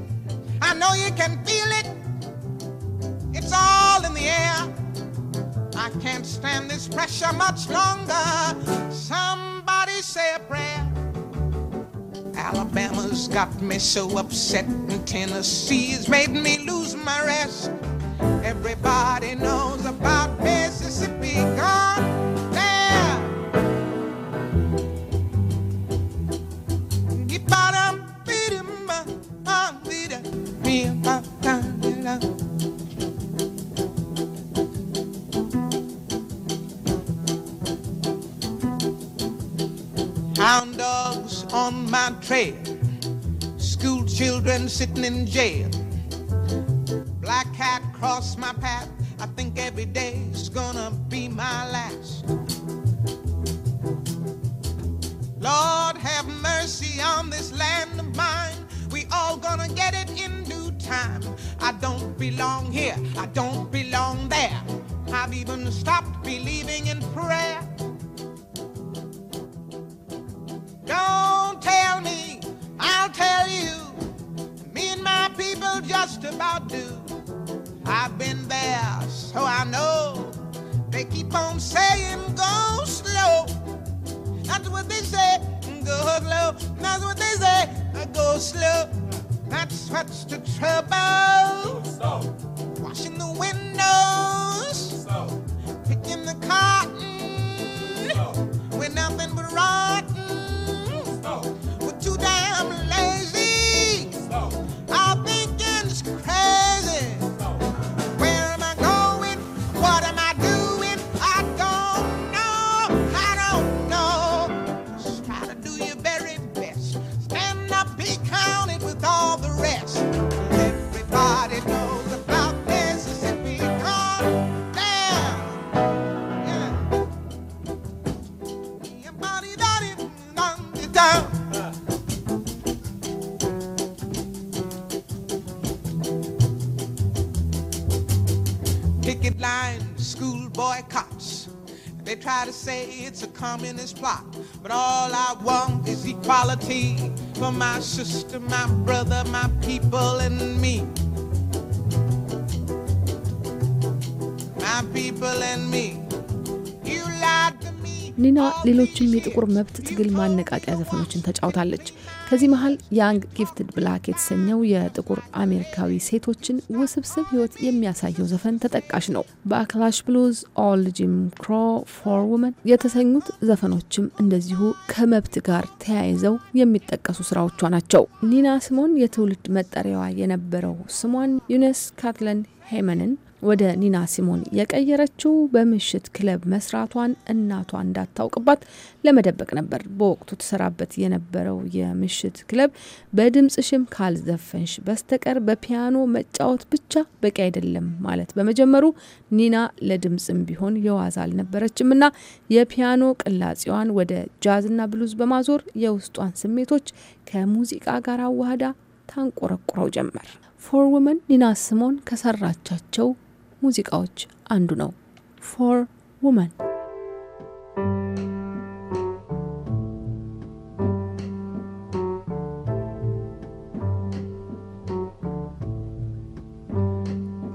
I know you can feel it. It's all in the air. I can't stand this pressure much longer. Somebody I say a prayer. Alabama's got me so upset, and Tennessee's made me lose my rest. Everybody knows about Mississippi. Hound dogs on my trail. School children sitting in jail. Black cat cross my path. I think every day's gonna be my last. Lord have mercy on this land of mine. We all gonna get it in due time. I don't belong here. I don't belong there. I've even stopped believing in prayer. tell you, me and my people just about do. I've been there, so I know. They keep on saying go slow. That's what they say, go slow. That's what they say, go slow. That's what's the trouble. Go Slow. Washing the windows. Go Slow. Picking the cotton. Go Slow. We're nothing but rotten. They try to say it's a communist plot, but all I want is equality for my sister, my brother, my people, and me. My people and me. You lie ኒና ሌሎችም የጥቁር መብት ትግል ማነቃቂያ ዘፈኖችን ተጫውታለች። ከዚህ መሀል ያንግ ጊፍትድ ብላክ የተሰኘው የጥቁር አሜሪካዊ ሴቶችን ውስብስብ ሕይወት የሚያሳየው ዘፈን ተጠቃሽ ነው። በአክላሽ ብሉዝ፣ ኦል ጂም ክሮ፣ ፎር ውመን የተሰኙት ዘፈኖችም እንደዚሁ ከመብት ጋር ተያይዘው የሚጠቀሱ ስራዎቿ ናቸው። ኒና ሲሞን የትውልድ መጠሪያዋ የነበረው ስሟን ዩነስ ካትለን ሄመንን ወደ ኒና ሲሞን የቀየረችው በምሽት ክለብ መስራቷን እናቷ እንዳታውቅባት ለመደበቅ ነበር። በወቅቱ ትሰራበት የነበረው የምሽት ክለብ በድምጽሽም ካልዘፈንሽ በስተቀር በፒያኖ መጫወት ብቻ በቂ አይደለም ማለት በመጀመሩ ኒና ለድምጽም ቢሆን የዋዛ አልነበረችም እና የፒያኖ ቅላጼዋን ወደ ጃዝና ብሉዝ በማዞር የውስጧን ስሜቶች ከሙዚቃ ጋር አዋህዳ ታንቆረቁረው ጀመር። ፎር ውመን ኒና ሲሞን ከሰራቻቸው Music ሙዚቃዎች አንዱ ነው። for woman.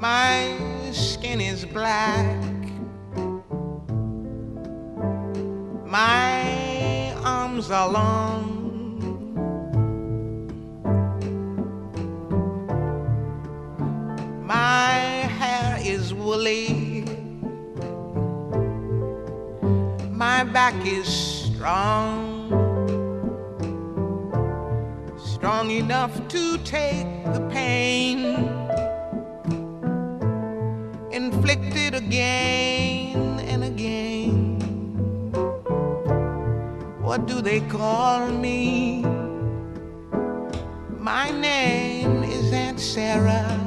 My skin is black. My arms are long. My back is strong, strong enough to take the pain inflicted again and again. What do they call me? My name is Aunt Sarah.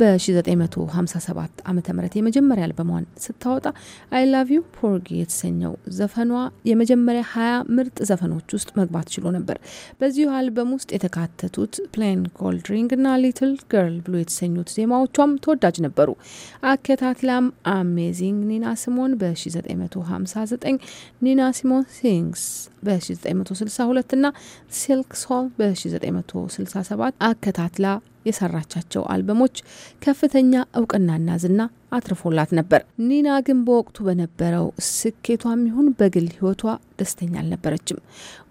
በ1957 ዓ ም የመጀመሪያ አልበሟን ስታወጣ አይ ላቭ ዩ ፖርጊ የተሰኘው ዘፈኗ የመጀመሪያ 20 ምርጥ ዘፈኖች ውስጥ መግባት ችሎ ነበር። በዚሁ አልበም ውስጥ የተካተቱት ፕሌን ኮልድ ድሪንክ እና ሊትል ገርል ብሎ የተሰኙት ዜማዎቿም ተወዳጅ ነበሩ። አከታትላም አሜዚንግ ኒና ሲሞን በ1959 ኒና ሲሞን ሲንግስ በ1962 እና ሲልክ ሶል በ1967 አከታትላ የሰራቻቸው አልበሞች ከፍተኛ እውቅናና ዝና አትርፎላት ነበር። ኒና ግን በወቅቱ በነበረው ስኬቷም ይሁን በግል ህይወቷ ደስተኛ አልነበረችም።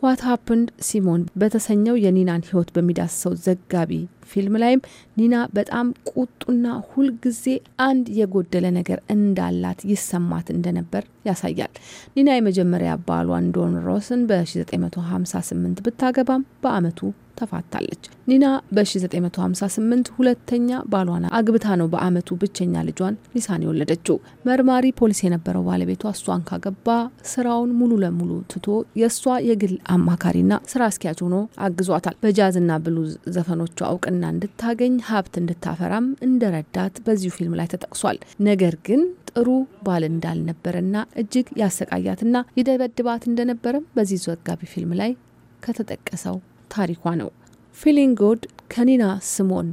ዋት ሀፕንድ ሲሞን በተሰኘው የኒናን ህይወት በሚዳስሰው ዘጋቢ ፊልም ላይም ኒና በጣም ቁጡና ሁልጊዜ አንድ የጎደለ ነገር እንዳላት ይሰማት እንደነበር ያሳያል። ኒና የመጀመሪያ ባሏን ዶን ሮስን በ1958 ብታገባም በአመቱ ተፋታለች። ኒና በ1958 ሁለተኛ ባሏን አግብታ ነው በአመቱ ብቸኛ ልጇን ሊሳን የወለደችው። መርማሪ ፖሊስ የነበረው ባለቤቷ እሷን ካገባ ስራውን ሙሉ ለሙሉ ትቶ የእሷ የግል አማካሪና ስራ አስኪያጅ ሆኖ አግዟታል። በጃዝና ብሉዝ ዘፈኖቿ እውቅና እንድታገኝ ሀብት እንድታፈራም እንደረዳት በዚሁ ፊልም ላይ ተጠቅሷል። ነገር ግን ጥሩ ባል እንዳልነበረና እጅግ ያሰቃያትና ይደበድባት እንደነበረም በዚህ ዘጋቢ ፊልም ላይ ከተጠቀሰው ታሪኳ ነው። ፊሊንግ ጉድ ከኒና ስሞን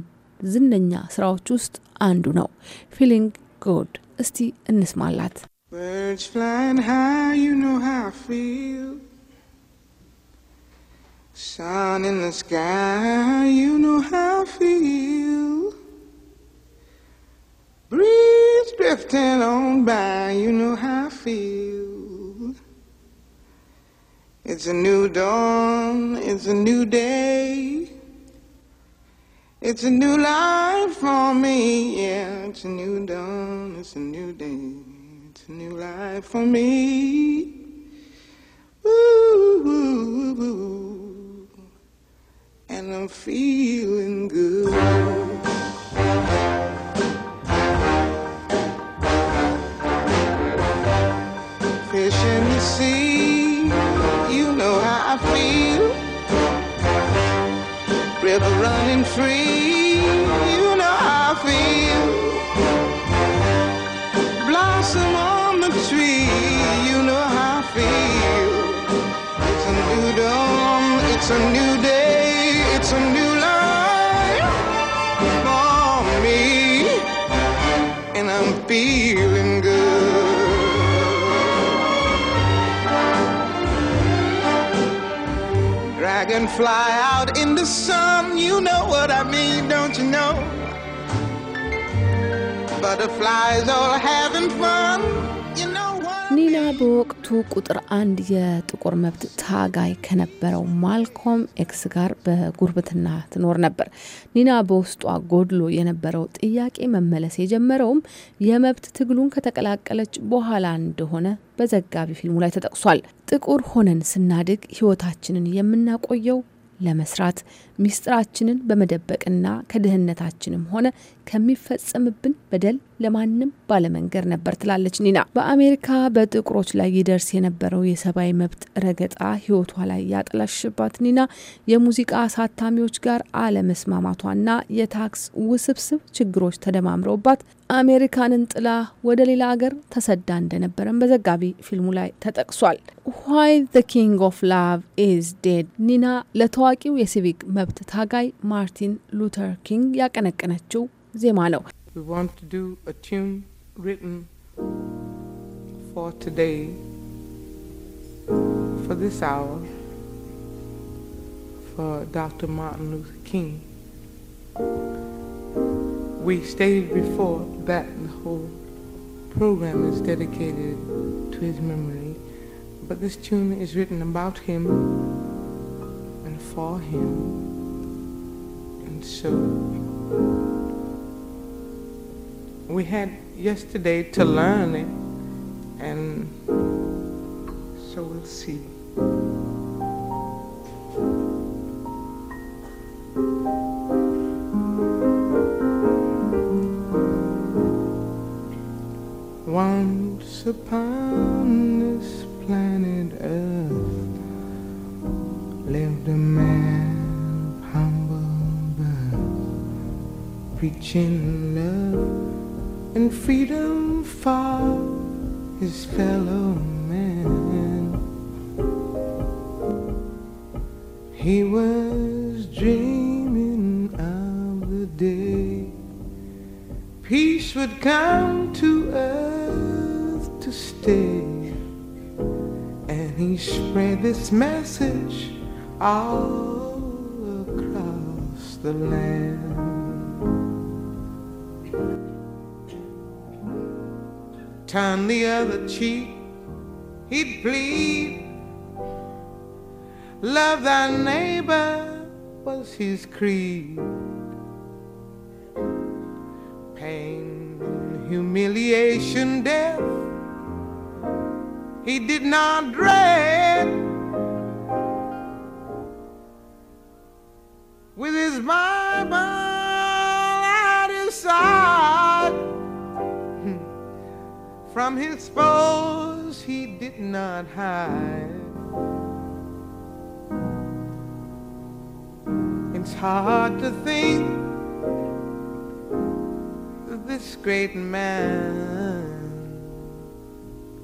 ዝነኛ ስራዎች ውስጥ አንዱ ነው። ፊሊንግ ጉድ እስቲ እንስማላት። Birds flying high, you know how I feel. Sun in the sky, you know how I feel. Breeze drifting on by, you know how I feel. It's a new dawn, it's a new day. It's a new life for me, yeah. It's a new dawn, it's a new day. It's a new life for me. Ooh, ooh, ooh, and I'm feeling good. ever running free. You know how I feel. Blossom on the tree. You know how I feel. It's a new dawn. It's a new day. It's a new life for me. And I'm feeling good. dragonfly out in the sun. You know what I mean, don't you know? Butterflies all having fun. ኒና በወቅቱ ቁጥር አንድ የጥቁር መብት ታጋይ ከነበረው ማልኮም ኤክስ ጋር በጉርብትና ትኖር ነበር። ኒና በውስጧ ጎድሎ የነበረው ጥያቄ መመለስ የጀመረውም የመብት ትግሉን ከተቀላቀለች በኋላ እንደሆነ በዘጋቢ ፊልሙ ላይ ተጠቅሷል። ጥቁር ሆነን ስናድግ ሕይወታችንን የምናቆየው ለመስራት ሚስጥራችንን በመደበቅና ከድህነታችንም ሆነ ከሚፈጸምብን በደል ለማንም ባለመንገር ነበር ትላለች ኒና። በአሜሪካ በጥቁሮች ላይ ይደርስ የነበረው የሰብአዊ መብት ረገጣ ህይወቷ ላይ ያጠላሽባት ኒና የሙዚቃ አሳታሚዎች ጋር አለመስማማቷና የታክስ ውስብስብ ችግሮች ተደማምረውባት አሜሪካንን ጥላ ወደ ሌላ አገር ተሰዳ እንደነበረም በዘጋቢ ፊልሙ ላይ ተጠቅሷል። ዋይ ዘ ኪንግ ኦፍ ላቭ ኢዝ ዴድ ኒና ለታዋቂው የሲቪክ መብት ታጋይ ማርቲን ሉተር ኪንግ ያቀነቀነችው ዜማ ነው። ዶክተር ማርቲን ሉተር ኪንግ we stated before, that the whole program is dedicated to his memory. But this tune is written about him and for him. And so we had yesterday to learn it, and so we'll see. message all across the land. Turn the other cheek, he'd plead. Love thy neighbor was his creed. Pain, humiliation, death, he did not dread. From his foes he did not hide. It's hard to think that this great man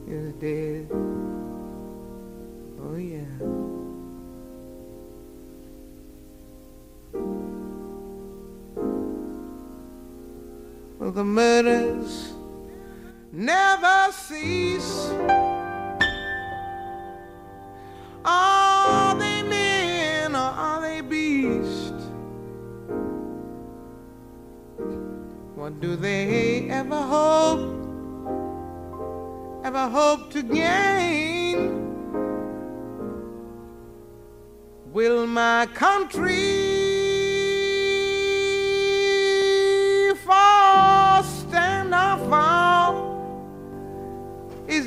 is dead. Oh, yeah. the murders never cease. Are they men or are they beasts? What do they ever hope, ever hope to gain? Will my country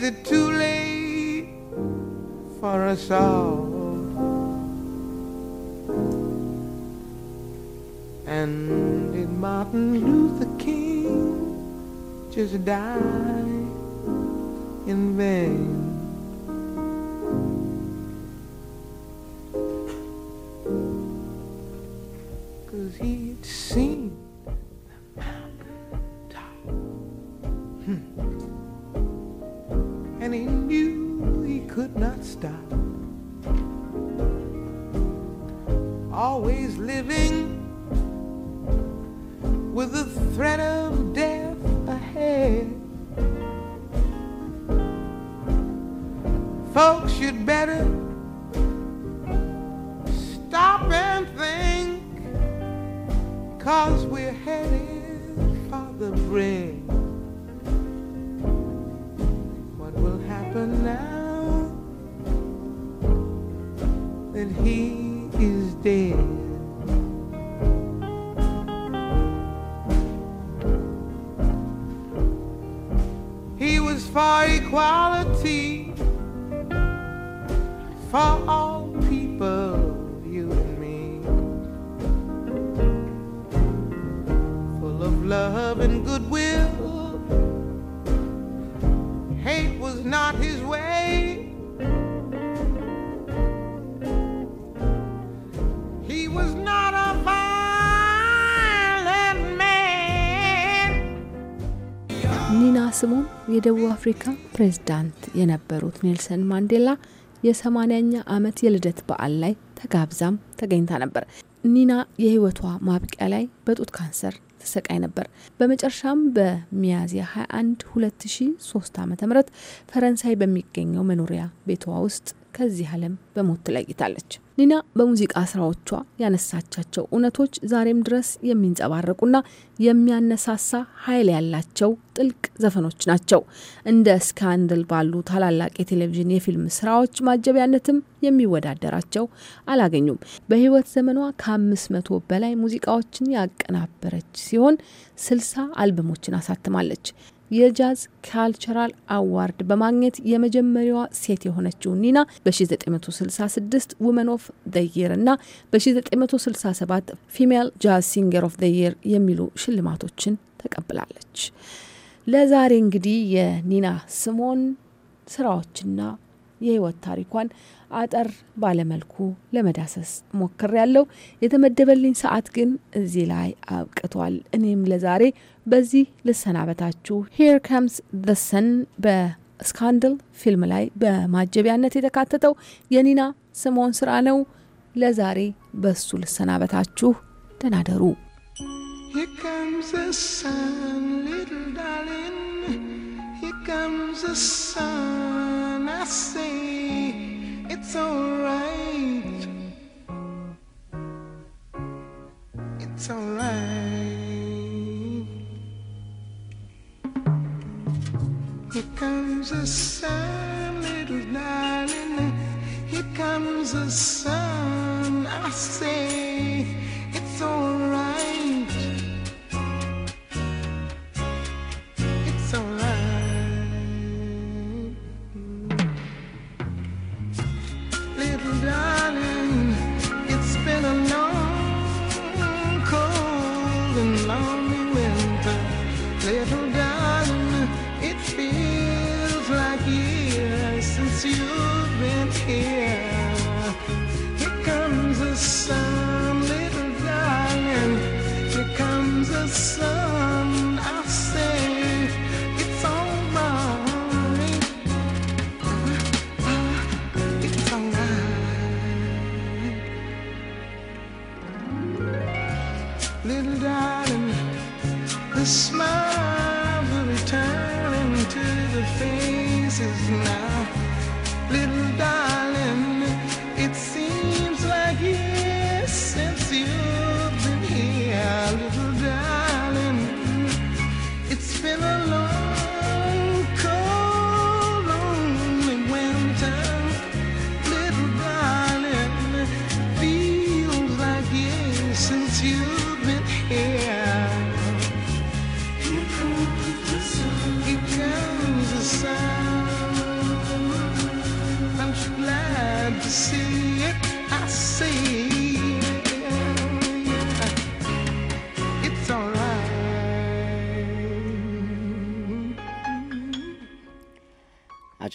it too late for us all? And did Martin Luther King just die in vain? <laughs> Cause he'd seen is dead. He was for equality for all people, you and me, full of love and goodwill. ስሙም የደቡብ አፍሪካ ፕሬዝዳንት የነበሩት ኔልሰን ማንዴላ የሰማንያኛ ዓመት የልደት በዓል ላይ ተጋብዛም ተገኝታ ነበር። ኒና የህይወቷ ማብቂያ ላይ በጡት ካንሰር ተሰቃይ ነበር። በመጨረሻም በሚያዝያ 21 2003 ዓ ም ፈረንሳይ በሚገኘው መኖሪያ ቤቷ ውስጥ ከዚህ ዓለም በሞት ትለይታለች። ኒና በሙዚቃ ስራዎቿ ያነሳቻቸው እውነቶች ዛሬም ድረስ የሚንጸባረቁና የሚያነሳሳ ኃይል ያላቸው ጥልቅ ዘፈኖች ናቸው። እንደ ስካንድል ባሉ ታላላቅ የቴሌቪዥን የፊልም ስራዎች ማጀቢያነትም የሚወዳደራቸው አላገኙም። በህይወት ዘመኗ ከአምስት መቶ በላይ ሙዚቃዎችን ያቀናበረች ሲሆን ስልሳ አልበሞችን አሳትማለች። የጃዝ ካልቸራል አዋርድ በማግኘት የመጀመሪያዋ ሴት የሆነችው ኒና በ1966 ውመን ኦፍ ደ የር እና በ1967 ፊሜል ጃዝ ሲንገር ኦፍ ደ የር የሚሉ ሽልማቶችን ተቀብላለች። ለዛሬ እንግዲህ የኒና ስሞን ስራዎችና የህይወት ታሪኳን አጠር ባለመልኩ ለመዳሰስ ሞክር ያለው የተመደበልኝ ሰዓት ግን እዚህ ላይ አብቅቷል። እኔም ለዛሬ በዚህ ልሰናበታችሁ። ሄር ከምስ ደሰን ሰን በስካንድል ፊልም ላይ በማጀቢያነት የተካተተው የኒና ስሞን ስራ ነው። ለዛሬ በሱ ልሰናበታችሁ። ደናደሩ Here comes the sun, I say. It's alright. It's alright. Here comes the sun, little darling. Here comes the sun. I say, it's alright.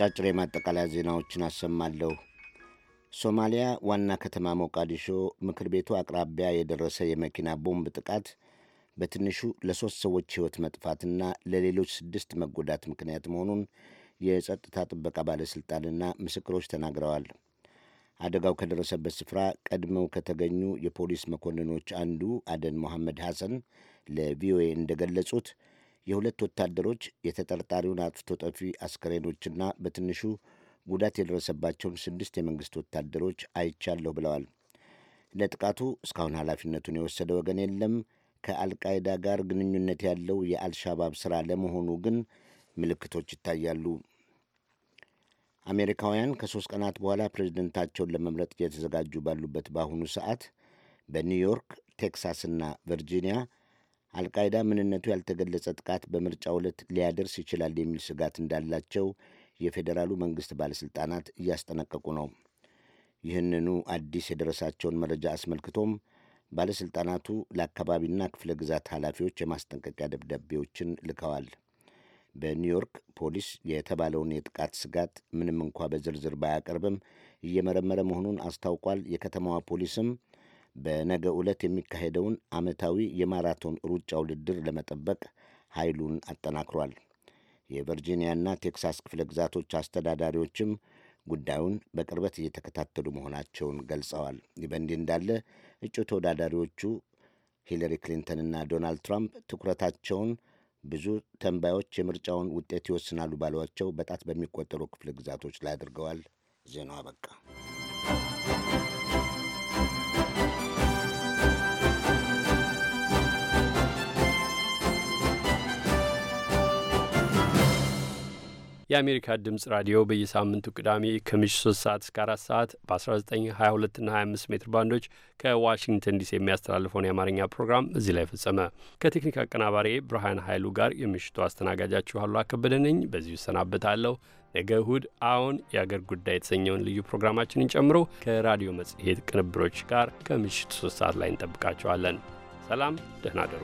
አጫጭር የማጠቃለያ ዜናዎችን አሰማለሁ። ሶማሊያ ዋና ከተማ ሞቃዲሾ ምክር ቤቱ አቅራቢያ የደረሰ የመኪና ቦምብ ጥቃት በትንሹ ለሦስት ሰዎች ሕይወት መጥፋትና ለሌሎች ስድስት መጎዳት ምክንያት መሆኑን የጸጥታ ጥበቃ ባለሥልጣንና ምስክሮች ተናግረዋል። አደጋው ከደረሰበት ስፍራ ቀድመው ከተገኙ የፖሊስ መኮንኖች አንዱ አደን መሐመድ ሐሰን ለቪኦኤ እንደገለጹት የሁለት ወታደሮች የተጠርጣሪውን አጥፍቶ ጠፊ አስከሬኖችና በትንሹ ጉዳት የደረሰባቸውን ስድስት የመንግሥት ወታደሮች አይቻለሁ ብለዋል። ለጥቃቱ እስካሁን ኃላፊነቱን የወሰደ ወገን የለም። ከአልቃይዳ ጋር ግንኙነት ያለው የአልሻባብ ሥራ ለመሆኑ ግን ምልክቶች ይታያሉ። አሜሪካውያን ከሦስት ቀናት በኋላ ፕሬዝደንታቸውን ለመምረጥ እየተዘጋጁ ባሉበት በአሁኑ ሰዓት በኒውዮርክ ቴክሳስና ቨርጂኒያ አልቃይዳ ምንነቱ ያልተገለጸ ጥቃት በምርጫው ዕለት ሊያደርስ ይችላል የሚል ስጋት እንዳላቸው የፌዴራሉ መንግሥት ባለሥልጣናት እያስጠነቀቁ ነው። ይህንኑ አዲስ የደረሳቸውን መረጃ አስመልክቶም ባለሥልጣናቱ ለአካባቢና ክፍለ ግዛት ኃላፊዎች የማስጠንቀቂያ ደብዳቤዎችን ልከዋል። በኒውዮርክ ፖሊስ የተባለውን የጥቃት ስጋት ምንም እንኳ በዝርዝር ባያቀርብም እየመረመረ መሆኑን አስታውቋል። የከተማዋ ፖሊስም በነገ ዕለት የሚካሄደውን ዓመታዊ የማራቶን ሩጫ ውድድር ለመጠበቅ ኃይሉን አጠናክሯል። የቨርጂኒያና ቴክሳስ ክፍለ ግዛቶች አስተዳዳሪዎችም ጉዳዩን በቅርበት እየተከታተሉ መሆናቸውን ገልጸዋል። ይህ በእንዲህ እንዳለ እጩ ተወዳዳሪዎቹ ሂለሪ ክሊንተንና ዶናልድ ትራምፕ ትኩረታቸውን ብዙ ተንባዮች የምርጫውን ውጤት ይወስናሉ ባሏቸው በጣት በሚቆጠሩ ክፍለ ግዛቶች ላይ አድርገዋል። ዜናው አበቃ። የአሜሪካ ድምፅ ራዲዮ በየሳምንቱ ቅዳሜ ከምሽቱ 3 ሰዓት እስከ 4 ሰዓት በ1922 እና 25 ሜትር ባንዶች ከዋሽንግተን ዲሲ የሚያስተላልፈውን የአማርኛ ፕሮግራም እዚህ ላይ ፈጸመ። ከቴክኒክ አቀናባሪ ብርሃን ኃይሉ ጋር የምሽቱ አስተናጋጃችሁ አሉ አከበደ ነኝ። በዚሁ እሰናበታለሁ። ነገ እሁድ አሁን የአገር ጉዳይ የተሰኘውን ልዩ ፕሮግራማችንን ጨምሮ ከራዲዮ መጽሔት ቅንብሮች ጋር ከምሽቱ 3 ሰዓት ላይ እንጠብቃችኋለን። ሰላም፣ ደህና አደሩ።